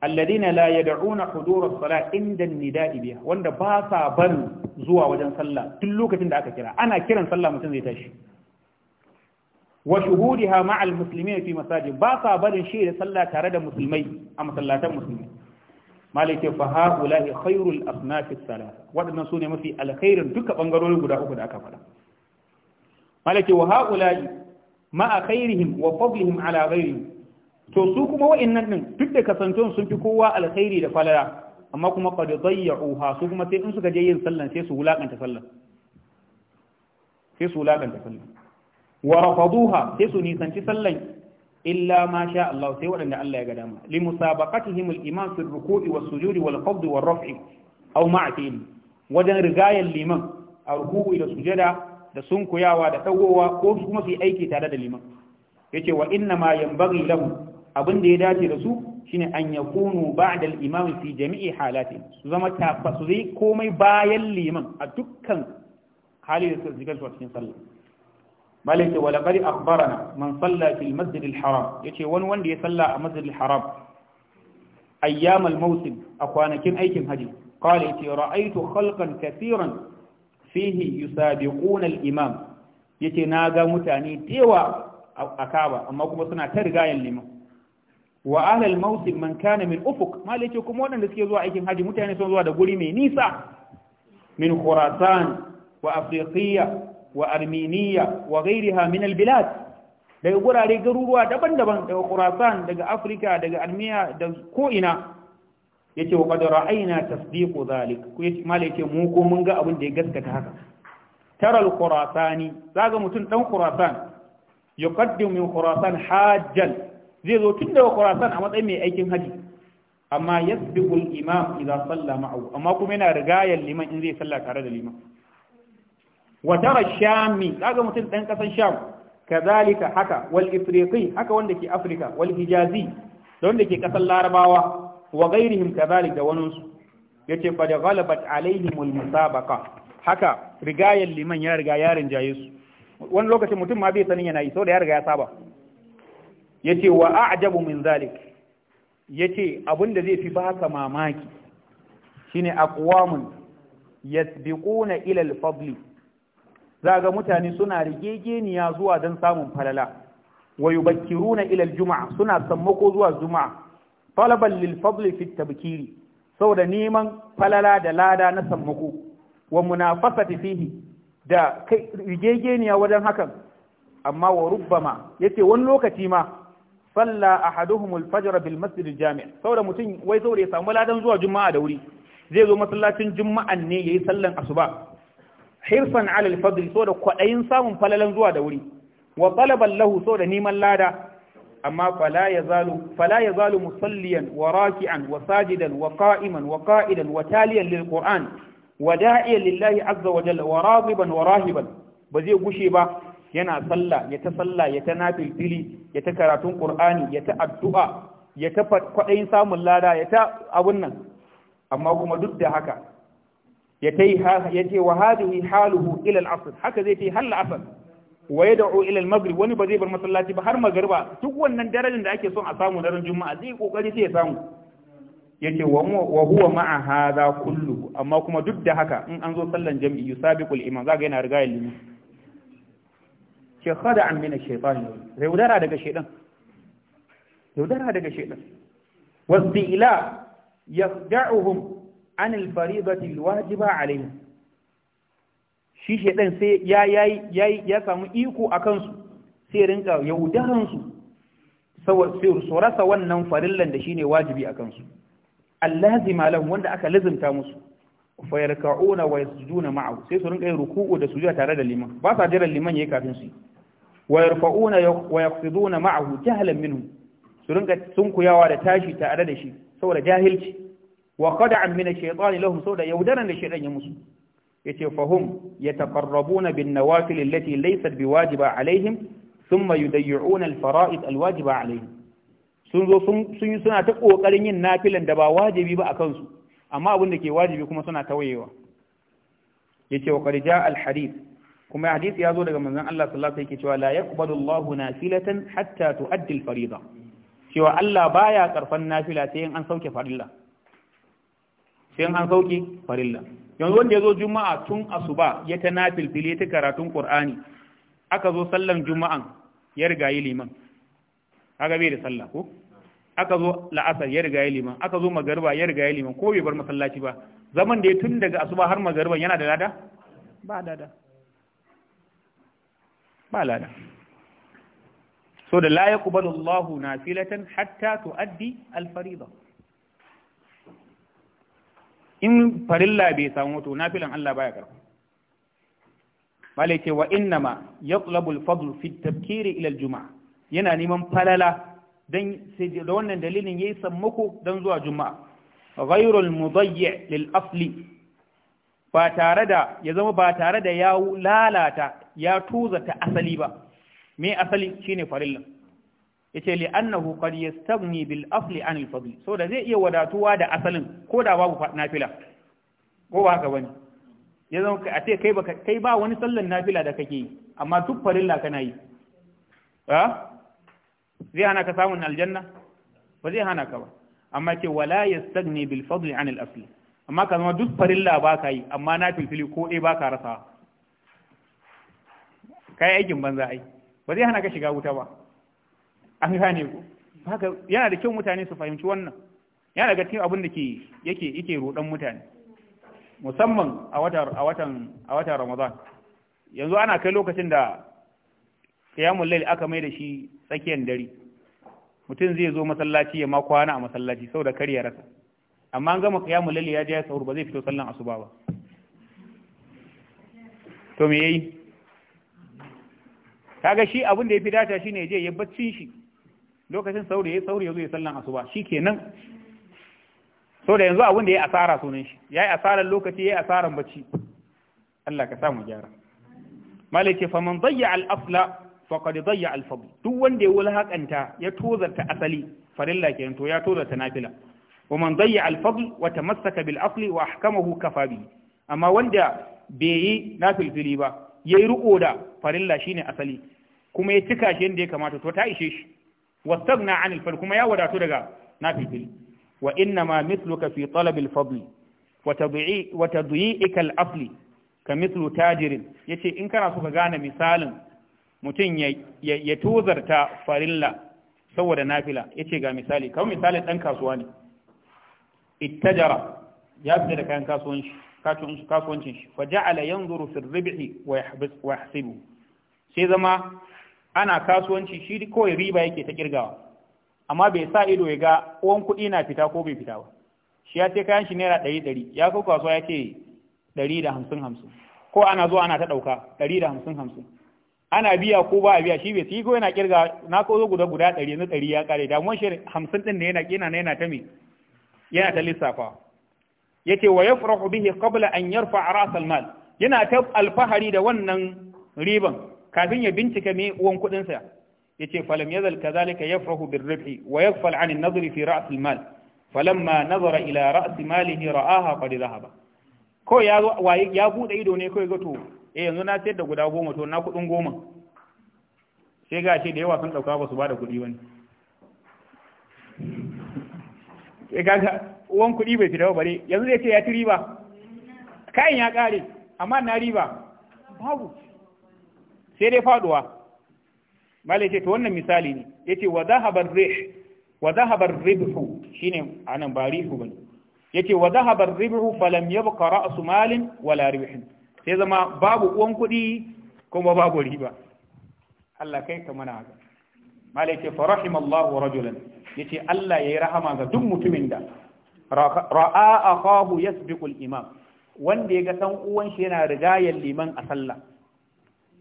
alladina la yad'una hudur as-salat inda an-nida'i biha wanda ba sa ban zuwa wajen sallah tun lokacin da aka kira ana kiran sallah mutum zai tashi wa shuhudiha ma'a al-muslimin fi masajid ba sa barin shi da sallah tare da musulmai a masallatan musulmai malike fa haula'i khairul asnaf as-salat wadannan sune mafi alkhairin duka bangarorin guda uku da aka faɗa malike wa haula'i ma'a khairihim wa fadlihim ala ghairihim to su kuma wa'annan din duk da kasantuwan sun fi kowa alkhairi da falala amma kuma qad dayya'uha su kuma sai in suka je yin sallan sai su wulakanta sallan sai su wulakanta sallan wa rafaduha sai su nisanci sallan illa ma sha Allah sai waɗanda Allah ya ga dama li musabaqatihim al-imam fi ar-ruku'i was-sujudi wal-qabdi war-raf'i aw ma'atin wajen rigayan liman a ruku'i da sujada da sunkuyawa da dagowa ko kuma su aiki tare da liman yace wa inna ma yanbaghi lahu abin da ya dace da su shine an yakunu ba'da al-imam fi jami'i halati su zama tafa su zai komai bayan liman a dukkan hali da su zigar su a cikin sallah malaka wa laqad akhbarana man salla fi al-masjid al-haram yace wani wanda ya salla a masjid al-haram ayyam al-mawsim a kwanakin aikin haji qala yace ra'aytu khalqan kathiran fihi yusabiquna al-imam yace na ga mutane tewa a kaba amma kuma suna ta rigayen liman wa alal mawsim man kana min ufuk malike kuma waɗanda suke zuwa aikin haji mutane sun zuwa da guri mai nisa min khurasan wa afriqiya wa armeniya wa ghairiha min bilad daga gurare garuruwa daban-daban daga khurasan daga afrika daga armiya da ko ina yace wa qad ra'ayna tasdiqu dhalik ko yace malike mu ko mun ga abin da ya gaskata haka taral khurasani zaga mutun dan khurasan yuqaddimu min khurasan hajjan zai zo tun daga Khurasan a matsayin mai aikin haji amma yasbiqul imam idza salla ma'ahu amma kuma yana rigayar liman in zai salla tare da liman wa tara shami kaga mutum dan kasan sham kazalika haka wal ifriqi haka wanda ke afrika wal hijazi da wanda ke kasan larabawa wa ghairihim kazalika da wani su yace fa da ghalabat al musabaqa haka rigayar liman ya riga yarin jaye wani lokacin mutum ma bai sanin yana yi saboda ya riga ya saba yace wa a'jabu min zalik yace da zai fi baka mamaki shine aqwamun yasbiquna ila al Za zaga mutane suna rigegeniya zuwa dan samun falala wa yubakkiruna ila al-jum'a suna sammako zuwa juma'a talaban lil fadli fi tabkiri saboda neman falala da lada na sammako wa munafasati fihi da rigegeniya wajen hakan amma wa rubbama yace wani lokaci ma salla a al-fajr bil masjid saboda mutum wai saboda ya samu ladan zuwa juma'a da wuri zai zo masallacin juma'an ne yayi sallan asuba hirsan ala al-fadl saboda kwadayin samun falalan zuwa da wuri wa talaban lahu saboda neman lada amma fala yazalu fala yazalu musalliyan wa raki'an wa sajidan wa qa'iman wa qa'idan wa taliyan lil qur'an wa da'iyan lillahi azza wa jalla wa wa rahiban ba zai gushe ba yana sallah ya ta salla ya ta nafil fili ya ta karatun kur'ani ya ta addu'a ya ta kwaɗayin samun lada ya ta abun nan amma kuma duk da haka ya ta ce wa hadhihi haluhu ilal asr haka zai yi hal asr wa yad'u ila ilal maghrib wani ba zai bar masallaci ba har magriba duk wannan darajar da ake son a samu na ran juma'a zai kokari sai ya samu yace wa huwa ma'a hadha kullu amma kuma duk da haka in an zo sallan jami'i yusabiqul imam zaga yana riga ya limu ke khada an mina shaitan yaudara daga shaitan yaudara daga shaitan wasdila yasda'uhum an al-fariidati al-wajiba alayhi shi shaitan sai ya yayi ya samu iko akan su sai rinka yaudaran su su rasa wannan farillan da shine wajibi akan su allazima lahum wanda aka lazimta musu fa yarka'una wa yasjuduna ma'ahu sai su rinka yin ruku'u da sujuda tare da liman ba sa jiran liman yayi kafin su yi wa yarfa'una wa yaqsiduna su rinka sunkuyawa da tashi tare da shi saboda jahilci wa qada'an ya ash-shaytani lahum saboda yaudaran da shaytan ya musu yace fahum yataqarrabuna bin nawafil allati laysat biwajiba alaihim thumma yudayyi'una al-fara'id al-wajiba alaihim sun zo sun yi suna ta kokarin yin nafilan da ba wajibi ba akan su amma abin da ke wajibi kuma suna tawayewa Ya wa qad ja'a al-hadith kuma hadisi ya zo daga manzon Allah sallallahu alaihi wasallam yake cewa la yaqbalu Allahu nafilatan hatta tu'addi al-fariida cewa Allah baya karfan nafila sai an sauke farilla sai an sauke farilla yanzu wanda ya zo juma'a tun asuba ya ta nafilfili ta karatun qur'ani aka zo sallan juma'an ya riga yi liman kaga bai da sallah ko aka zo la'asar ya riga yi liman aka zo magariba ya riga yi liman ko bai bar masallaci ba zaman da ya tun daga asuba har magariban yana da lada ba da da ba lada so da la yaqbalu Allahu nafilatan hatta tuaddi al-fariḍa in farilla bai samu to nafilan Allah baya karba malai wa innama yatlabu fadl fi at-tabkir ila al-jum'a yana neman falala dan sai da wannan dalilin yayi sammako dan zuwa juma'a ghayrul mudayyi lil asli ba tare da ya zama ba tare da ya lalata ya tuzata asali ba me asali shine farillan yace li annahu qad yastaghni bil afli anil fadli so da zai iya wadatuwa da asalin ko da babu nafila ko ba haka bane ya zama a ate kai ba kai ba wani sallan nafila da kake yi amma duk farilla kana yi ha zai hana ka samun aljanna ba zai hana ka ba amma ce wala yastaghni bil fadli anil asli amma ka zama duk farilla ba ka yi amma nafil fili ko dai ba ka rasa kai aikin banza ai ba zai hana ka shiga wuta ba an gane ku haka yana da kyau mutane su fahimci wannan yana daga cikin abin da ke yake yake rodon mutane musamman a watan a watan a watan Ramadan yanzu ana kai lokacin da qiyamul layl aka mai da shi tsakiyar dare mutum zai zo masallaci ya ma kwana a masallaci saboda kar ya rasa amma an gama qiyamul layl ya je ya sahur ba zai fito sallan asuba ba to me yayi kaga shi abin da ya fi dace ne je ya bacci shi lokacin saurayi ya saurayi zo ya sallan asuba shi kenan. so da yanzu abin da ya asara sunan shi ya yi asarar lokaci ya yi asaran bacci Allah ka samu gyara malike faman dayya al asla faqad dayya al fadl duk wanda ya wulhakanta ya tozarta asali farilla kenan to ya tozarta nafila wa man dayya al fadl wa tamassaka bil asli wa ahkamahu kafa bi amma wanda bai yi nafilfili ba ya yi riƙo da farilla shi ne asali kuma ya cika shi yadda ya kamata to ta ishe shi na anil fal kuma ya wadatu daga nafil wa inna ma ka fi talabin al wata wa ikal afli ka afli ka ya tajirin yace in kana so ka gane misalin mutum ya tozarta farilla saboda nafila ce ga misali kawai misalin dan kasuwa ne ittajara ya fita da kayan kasuwanci kasuwancin shi fa ja'ala yanzuru fi ribhi wa yahbis wa yahsibu sai zama ana kasuwanci shi kawai riba yake ta kirgawa amma bai sa ido ya ga uwan kuɗi na fita ko bai fita ba shi ya ce kayan shi naira ɗari ɗari ya kai kasuwa ya ce ɗari da hamsin hamsin ko ana zuwa ana ta ɗauka ɗari da hamsin hamsin ana biya ko ba a biya shi bai sai ko yana kirga na ko zo guda guda ɗari yanzu ɗari ya da mun shi hamsin ɗin da yana kina na yana ta me yana ta lissafawa yace wa yafrahu bihi qabla an yarfa ra's al-mal yana ta alfahari da wannan riban kafin ya bincika me uwan kudin sa yace falam yazal kazalika yafrahu bir-ribhi wa yaghfal 'an an-nadri fi ra's al-mal falamma nazara ila ra's malihi ra'aha qad dhahaba ko ya ya bude ido ne kai ga to eh yanzu na sayar da guda goma to na kudin goma sai ga shi da yawa sun dauka ba su bada kudi wani sai kaga uwan kuɗi bai fita bare yanzu zai ce ya ci riba kayan ya ƙare amma na riba babu sai dai faduwa malai ce to wannan misali ne ce wa dhahaba ar-rih wa dhahaba ar-ribhu shine anan ba rihu bane yace wa dhahaba ar-ribhu falam kara ra'su malin wala ribhin sai zama babu uwan kuɗi kuma babu riba Allah kai ka mana haka malai ce fa rahimallahu rajulan ce Allah yayi rahama ga duk mutumin da ra'a akahu al imam wanda ya ga ɗan uwan shi yana rigayar liman a sallah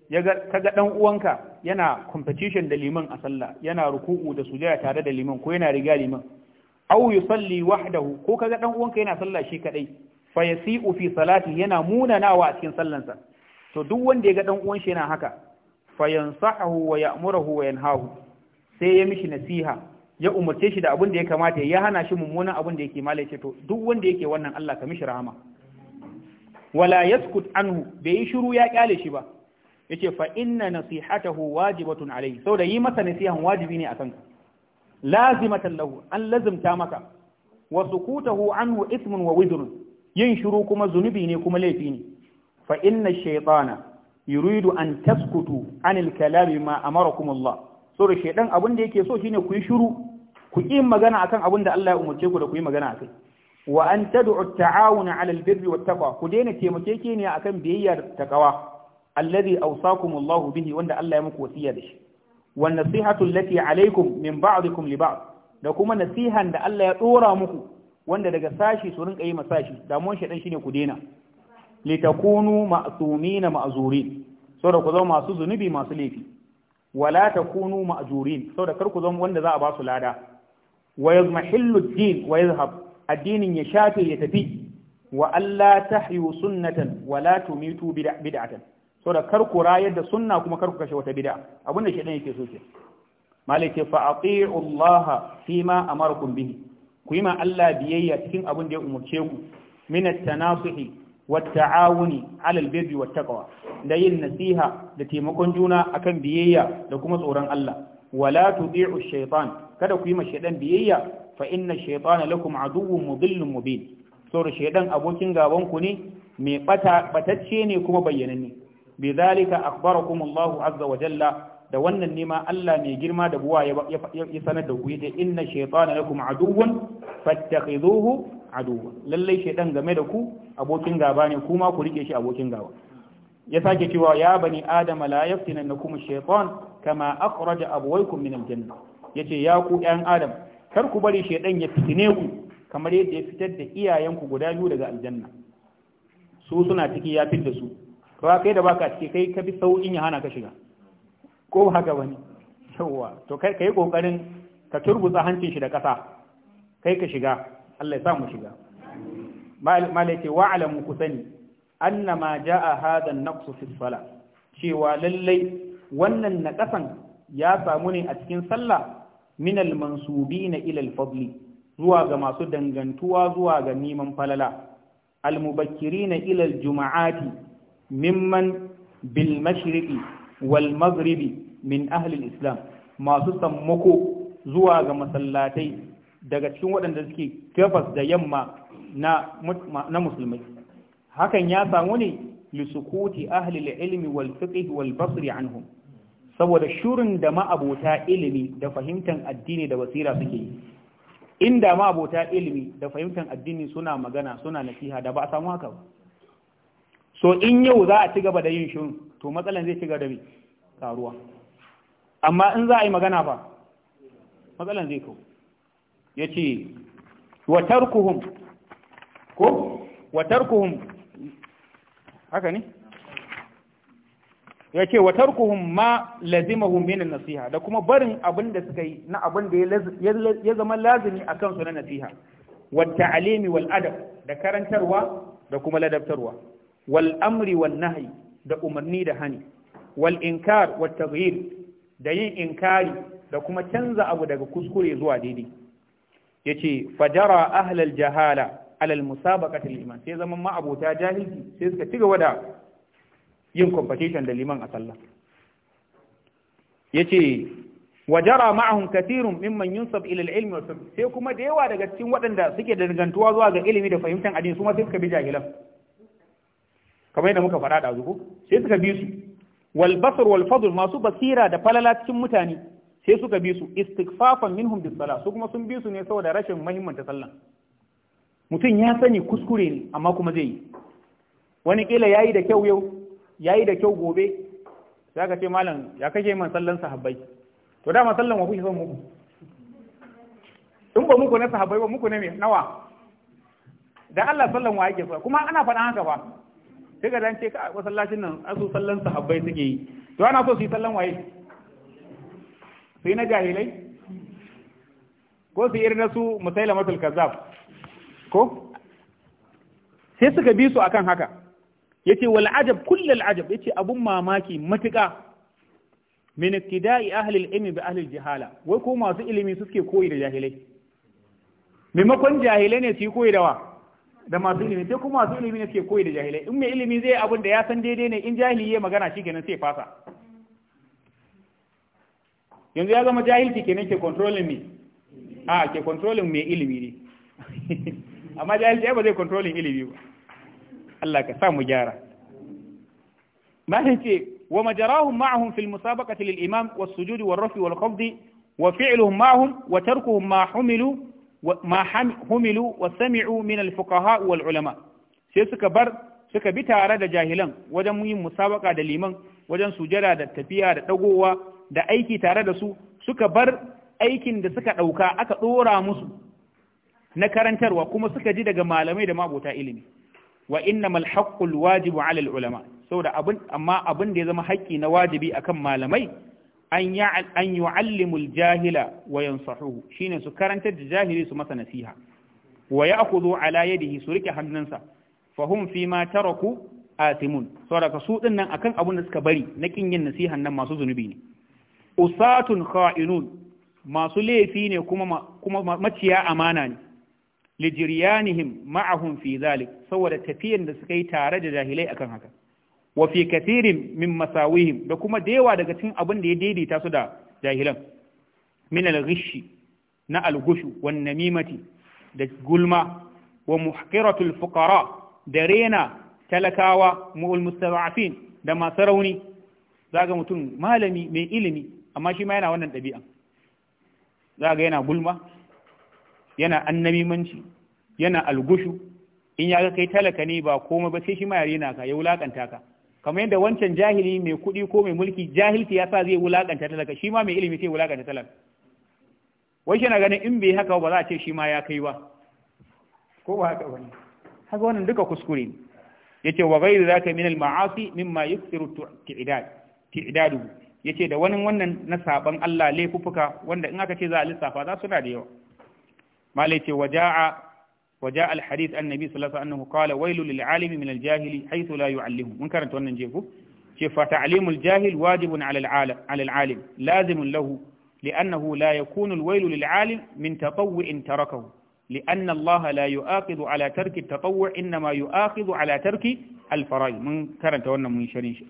ya kaga uwanka yana competition da liman a sallah yana ruku'u da sujaya tare da liman ko yana riga liman aw yusalli wahdahu ko kaga ɗan uwanka yana sallah shi kadai fa yasi'u fi salati yana munanawa a cikin sallansa to duk wanda yaga dan uwan shi yana haka fa yansahu wa ya'muruhu wa yanhahu sai ya mishi nasiha ya umarce shi da abin da ya kamata ya hana shi mummunan abin da yake malai ce to duk wanda yake wannan Allah ka mishi rahama wala yaskut anhu bai yi shiru ya kyale shi ba yace fa inna nasihatahu wajibatun alayhi saboda yi masa nasihan wajibi ne akan ka lazimatan lahu an lazimta maka wa sukutahu anhu ithmun wa wizrun yin shiru kuma zunubi ne kuma laifi ne fa inna shaytana yuridu an taskutu anil kalami ma amarakum Allah saboda shaidan abin da yake so shine ku yi shiru ku yi magana akan abin da Allah ya umarce ku da ku yi magana akai wa an tad'u ta'awuna 'ala al-birri wat-taqwa ku daina taimakekeniya akan biyayya da taqwa alladhi awsaakum Allah bihi wanda Allah ya muku wasiya da shi Wa nasihatu allati 'alaykum min ba'dikum li ba'd da kuma nasihan da Allah ya dora muku wanda daga sashi su rinka yi masashi damuwan shedan shine ku daina litakunu ma'sumina ma'zurin saboda ku zama masu zunubi masu laifi wala takunu ma'jurin saboda kar ku zama wanda za a ba su lada wa yadmahillu din wa yadhhab addinin ya shafe ya tafi wa Allah tahyu sunnatan wa la tumitu bid'atan so da kar ku rayar da sunna kuma kar ku kashe wata bid'a abin da shedan yake so ce malik ya fa'ati'u Allah fi ma amarakum bihi ku yi ma Allah biyayya cikin abin da ya umurce ku min at-tanasuhi والتعاون على البر والتقوى da yin nasiha da taimakon juna akan biyayya da kuma tsoron Allah wala tudi'u shaytan kada ku yi ma shaidan biyayya fa inna shaytana lakum aduwwun mudillun mubin saboda shaidan abokin gaban ku ne mai bata batacce ne kuma bayyananne bi zalika akhbarakum Allahu azza wa jalla da wannan nema Allah mai girma da buwa ya sanar da ku yace inna shaytana lakum aduwwun fattakhidhuhu aduwwan lalle shaytan game da ku abokin gaba ne kuma ku rike shi abokin gaba ya sake cewa ya bani adama la yaftinannakum shaytan kama akhraja abawaykum min aljanna Ya ce ya ku ‘yan adam kar ku bari shedan ya fitine ku kamar yadda ya fitar da iyayenku guda biyu daga aljanna su suna ciki ya fit da su ba kai da baka ciki kai ka bi sauƙin ya hana ka shiga ko haka bane yawa to kai kai kokarin ka turbutsa hancin shi da ƙasa kai ka shiga Allah ya sa mu shiga malai ce wa alam ku sani annama ja'a hadan naqsu fi sala cewa lallai wannan naƙasan ya samu ne a cikin sallah Minal mansubi na ilal al-fadli zuwa ga masu dangantuwa zuwa ga neman falala al na ilal juma'ati, mimman bil mashriqi wal maghribi min ahlil islam masu sammako zuwa ga masallatai daga cikin waɗanda suke gabas da yamma na musulmai hakan ya samu ne lisukuti ahli al-ilmi wal fiqh wal basri anhum saboda shurin da ma'abota ilimi da fahimtar addini da basira suke yi inda ma'abota ilimi da fahimtar addini suna magana suna nasiha da ba a samu haka ba so in yau za a ci gaba da yin shirin to matsalan zai ci gaba da bi karuwa amma in za a yi magana fa matsalan zai kawo ya ce wa tarkuhum ko wa tarkuhum haka ne ya ce wa tarkuhum ma lazimahum min nasiha da kuma barin abin da suka yi na abin da ya zama lazimi a kansu na nasiha wa ta'alimi wal adab da karantarwa da kuma ladabtarwa wal amri wal nahyi da umarni da hani wal inkar wat taghyir da yin inkari da kuma canza abu daga kuskure zuwa daidai yace fajara ahlal jahala alal musabaqati lil iman sai zaman ma abota jahilci sai suka ci gaba da yin competition da liman a sallah Ya ce wajara ma'ahum kathirun mimman yunsab ila ilmi wasu sai kuma da yawa daga cikin waɗanda suke da dangantuwa zuwa ga ilimi da fahimtar addini su ma sai suka bi jahilan kamar yadda muka faɗa da zuku sai suka bi su wal masu basira da falala cikin mutane sai suka bi su istighfafan minhum bis sala su kuma sun bi su ne saboda rashin muhimmanta sallah mutum ya sani kuskure ne amma kuma zai yi wani kila yayi da kyau yau Ya yi da kyau gobe sai ka ce malam ya kake man sallan sahabbai to dama sallan wa kuke son muku in ba muku na sahabbai ba muku ne nawa da Allah sallan wa yake so kuma ana faɗa haka ba sai ga dan ce ka masallacin nan azu sallan sahabbai suke yi to ana so su yi sallan waye sai na jahilai ko su yi irin su musailamatul kazzab ko sai suka bi su akan haka yace wal ajab kullal ajab yace abun mamaki matuƙa min iktidai ahli al-ilmi bi ahli jahala wai ko masu ilimi suke koyi da jahilai maimakon jahilai ne su yi koyi da wa da masu ilimi sai kuma masu ilimi ne suke koyi da jahilai in mai ilimi zai abun da ya san daidai ne in jahili ya magana shi kenan sai fasa yanzu ya zama jahilci kenan ke controlling me a ah, ke controlling mai ilimi ne amma jahilci ba zai controlling ilimi ba Allah ka sa mu gyara malin ce wa majarahum ma'ahum fil musabaqati lil imam was sujudi war rafi wal khafdi wa fi'luhum ma'ahum wa tarkuhum ma humilu ma humilu wa sami'u min al fuqaha wal ulama sai suka bar suka bi tare da jahilan wajen yin musabaka da liman wajen sujada da tafiya da dagowa da aiki tare da su suka bar aikin da suka ɗauka aka ɗora musu na karantarwa kuma suka ji daga malamai da mabota ilimi wa innamal haqqul wajibu ala ulama saboda amma abin da ya zama haƙƙi na wajibi akan malamai an ya an yu'allimul jahila wa yansahuhu shine su karantar da jahili su masa nasiha wa ya'khudhu ala yadihi su rike hannunsa fahum fi ma taraku atimun saboda su din nan akan abin da suka bari na kin yin nasiha nan masu zunubi ne usatun kha'inun masu laifi ne kuma maciya amana ne lijiriyanihim ma'ahum fi zalik saboda tafiyar da suka yi tare da jahilai akan haka wa fi kathirin min masawihim da kuma da yawa daga cikin abin da ya daidaita su da jahilan min al na al-gushu wan namimati da gulma wa muhqiratul fuqara da rena talakawa mu'ul mustada'afin da masu rauni zaga mutum malami mai ilimi amma shi ma yana wannan ɗabi'an zaga yana gulma yana annamimanci yana algushu in ya ga kai talaka ne ba komai ba sai shi ma ya rena ka ya wulakanta ka kamar yadda wancan jahili mai kuɗi ko mai mulki jahilci ya sa zai wulakanta talaka shi ma mai ilimi sai wulakanta talaka wai shi na ganin in bai haka ba za a ce shi ma ya kai ba ko ba haka bane haka wannan duka kuskure ne yace wa ghayru zaka min al-ma'asi mimma yukthiru ti'dad ti'dadu yace da wani wannan na saban Allah laifuka wanda in aka ce za a lissafa za suna da yawa مالتي وجاء وجاء الحديث عن النبي صلى الله عليه وسلم أنه قال ويل للعالم من الجاهل حيث لا يعلمه من كانت وانا نجيبه فتعليم الجاهل واجب على العالم على العالم لازم له لأنه لا يكون الويل للعالم من تطوع تركه لأن الله لا يؤاخذ على ترك التطوع إنما يؤاخذ على ترك الفرائض من كانت وانا من شريش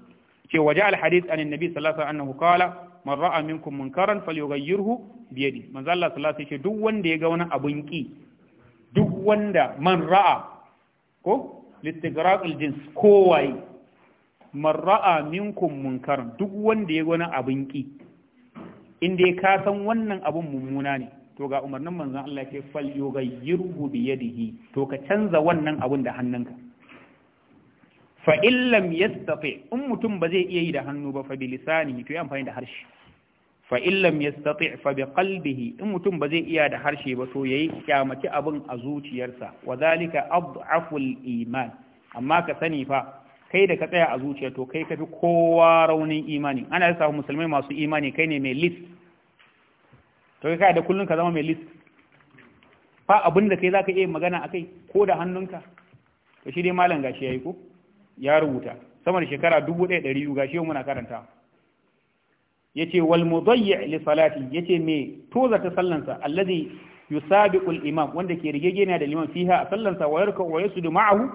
وجاء الحديث عن النبي صلى الله عليه وسلم أنه قال man ra'a minkum munkaran falyughayyirhu bi yadi manzo Allah sallallahu alaihi wasallam duk wanda ya ga wani abun ki duk wanda man ra'a ko litigraq aljins wai man ra'a minkum munkaran duk wanda ya ga wani abun ki inda ya ka san wannan abun mummuna ne to ga umarnin manzon Allah ya ce falyughayyirhu bi yadihi to ka canza wannan abun da hannunka fa illam yastati in mutum ba zai iya yi da hannu ba fa bi lisani to yi amfani da harshe fa illam yastati fa bi qalbihi in mutum ba zai iya da harshe ba to yayi kyamaci abin a zuciyarsa wa zalika adhaful iman amma ka sani fa kai da ka tsaya a zuciya to kai ka fi kowa raunin imani ana yasa musulmai masu imani kai ne mai list to kai da kullun ka zama mai list fa abin da kai zaka iya magana akai ko da hannunka to shi dai malam gashi yayi ko ya rubuta sama da shekara dubu ɗaya ɗari biyu gashi muna karanta yace wal mudayyi li salati yace me toza ta sallansa allazi yusabiqu imam wanda ke rige gena da liman fiha a sallansa wa yarka wa yasudu ma'ahu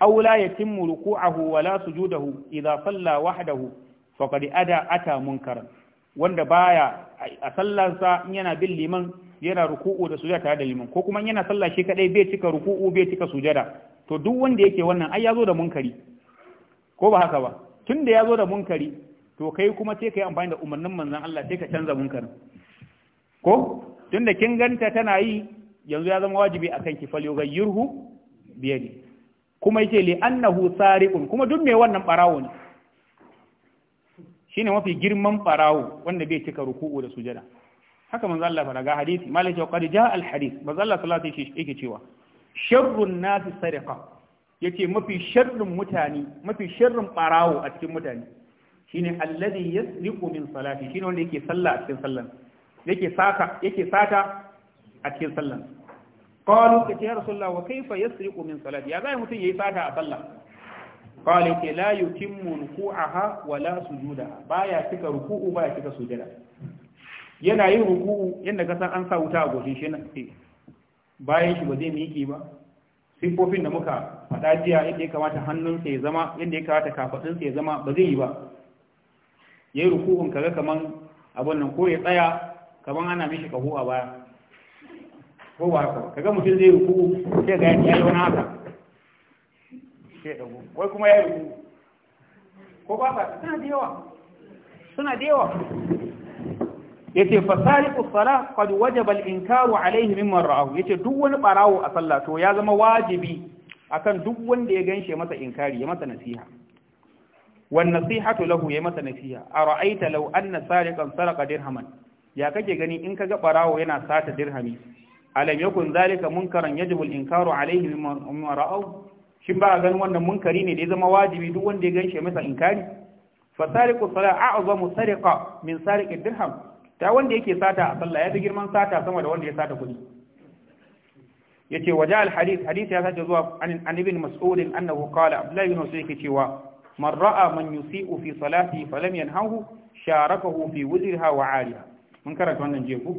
aw la yatimmu ruku'ahu wa la sujudahu idha salla wahdahu faqad ada ata munkaran wanda baya a sallansa in yana bin liman yana ruku'u da sujada tare da liman ko kuma yana sallah shi kadai bai cika ruku'u bai cika sujada to duk wanda yake wannan ai ya zo da mun kari. ko ba haka ba tun da ya zo da munkari to kai kuma sai ka yi amfani da umarnin manzan Allah sai ka canza munkarin ko tun da kin ganta tana yi yanzu ya zama wajibi akan ki fal yughayyirhu bi yadi kuma yace li annahu sariqun kuma duk me wannan barawo ne shine mafi girman barawo wanda bai cika ruku'u da sujada haka manzo Allah fara ga hadisi malaka qad jaa al hadith manzo Allah sallallahu alaihi wasallam yake cewa sharrun nasi sariqa yace mafi sharrin mutane mafi sharrin barawo a cikin mutane shine alladhi yasriqu min salati shine wanda yake sallah a cikin sallan yake saka yake sata a cikin sallan qalu kace ya rasulullah wa kayfa yasriqu min salati ya mutum mutun yayi sata a sallah qala ke la yutimmu ruku'aha wa la sujudaha baya cika ruku'u baya cika sujuda yana yin ruku'u yanda ka san an sa wuta a goshin shi bayan shi ba zai miki ba siffofin da muka faɗa jiya yadda ya kamata hannunsa ya zama yadda ya kamata kafaɗinsa ya zama ba zai yi ba ya yi rukuhun kaga kaman abin nan ko ya tsaya kaman ana mishi kaho a baya ko ba haka kaga mutum zai rukuhu sai ga ya yi wani haka sai dago wai kuma ya yi ruku? ko ba ba suna da yawa suna da yawa yace fa sariqu salah qad wajaba al-inkaru alayhi mimman ra'ahu yace duk wani barawo a sallah to ya zama wajibi akan duk wanda ya ganshe masa inkari ya masa nasiha wan nasihatu lahu ya masa nasiha ara'aita law anna sariqan saraqa dirhaman ya kake gani in kaga barawo yana sata dirhami alam yakun zalika munkaran yajibu al-inkaru alayhi mimman ra'ahu shin ba ganin wannan munkari ne da ya zama wajibi duk wanda ya ganshe masa inkari fa sariqu salah a'zamu sariqa min sariqi dirham ta wanda yake sata a sallah ya fi girman sata sama da wanda ya sata kuɗi ce waje al hadith hadith ya sace zuwa an ibn mas'ud annahu qala abdullahi ibn mas'ud yake cewa man ra'a man yusi'u fi salati falam yanhahu sharakahu fi wuzriha wa 'aliha mun karanta wannan jeku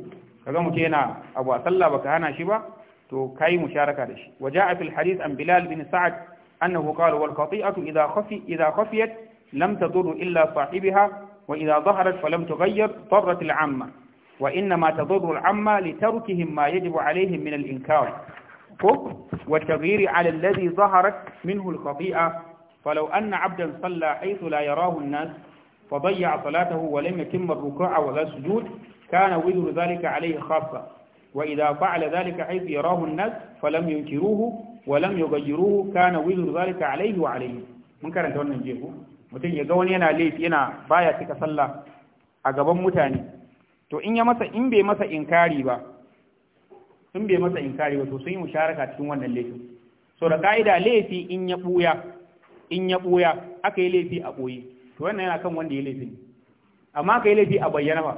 kaga mutum yana abu a sallah baka hana shi ba to kai musharaka da shi waja'a fil hadith an bilal bin sa'ad annahu qala wal qati'atu idha khafi idha khafiyat lam tadur illa sahibiha وإذا ظهرت فلم تغير ضرت العامة وإنما تضر العامة لتركهم ما يجب عليهم من الإنكار والتغيير على الذي ظهرت منه الخطيئة فلو أن عبدا صلى حيث لا يراه الناس فضيع صلاته ولم يتم الركوع ولا السجود كان وزر ذلك عليه خاصة وإذا فعل ذلك حيث يراه الناس فلم ينكروه ولم يغيروه كان وزر ذلك عليه وعليه من كان تولى نجيبه mutum ya ga wani yana laifi yana baya cika sallah a gaban mutane to in ya masa in bai masa inkari ba in bai masa inkari ba to sun yi musharaka cikin wannan laifi so da ka'ida laifi in ya buya in ya buya aka yi laifi a boye to wannan yana kan wanda ya laifi ne amma ka yi laifi a bayyana ba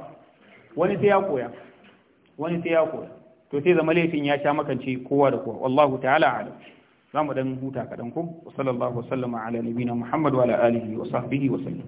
wani sai ya koya wani sai ya koya to sai zama laifin ya sha makance kowa da kowa wallahu ta'ala a'lam za mu dan huta kaɗan ko wa sallallahu wasallama ala nabina muhammad wa ala alihi wa sahbihi wa sallam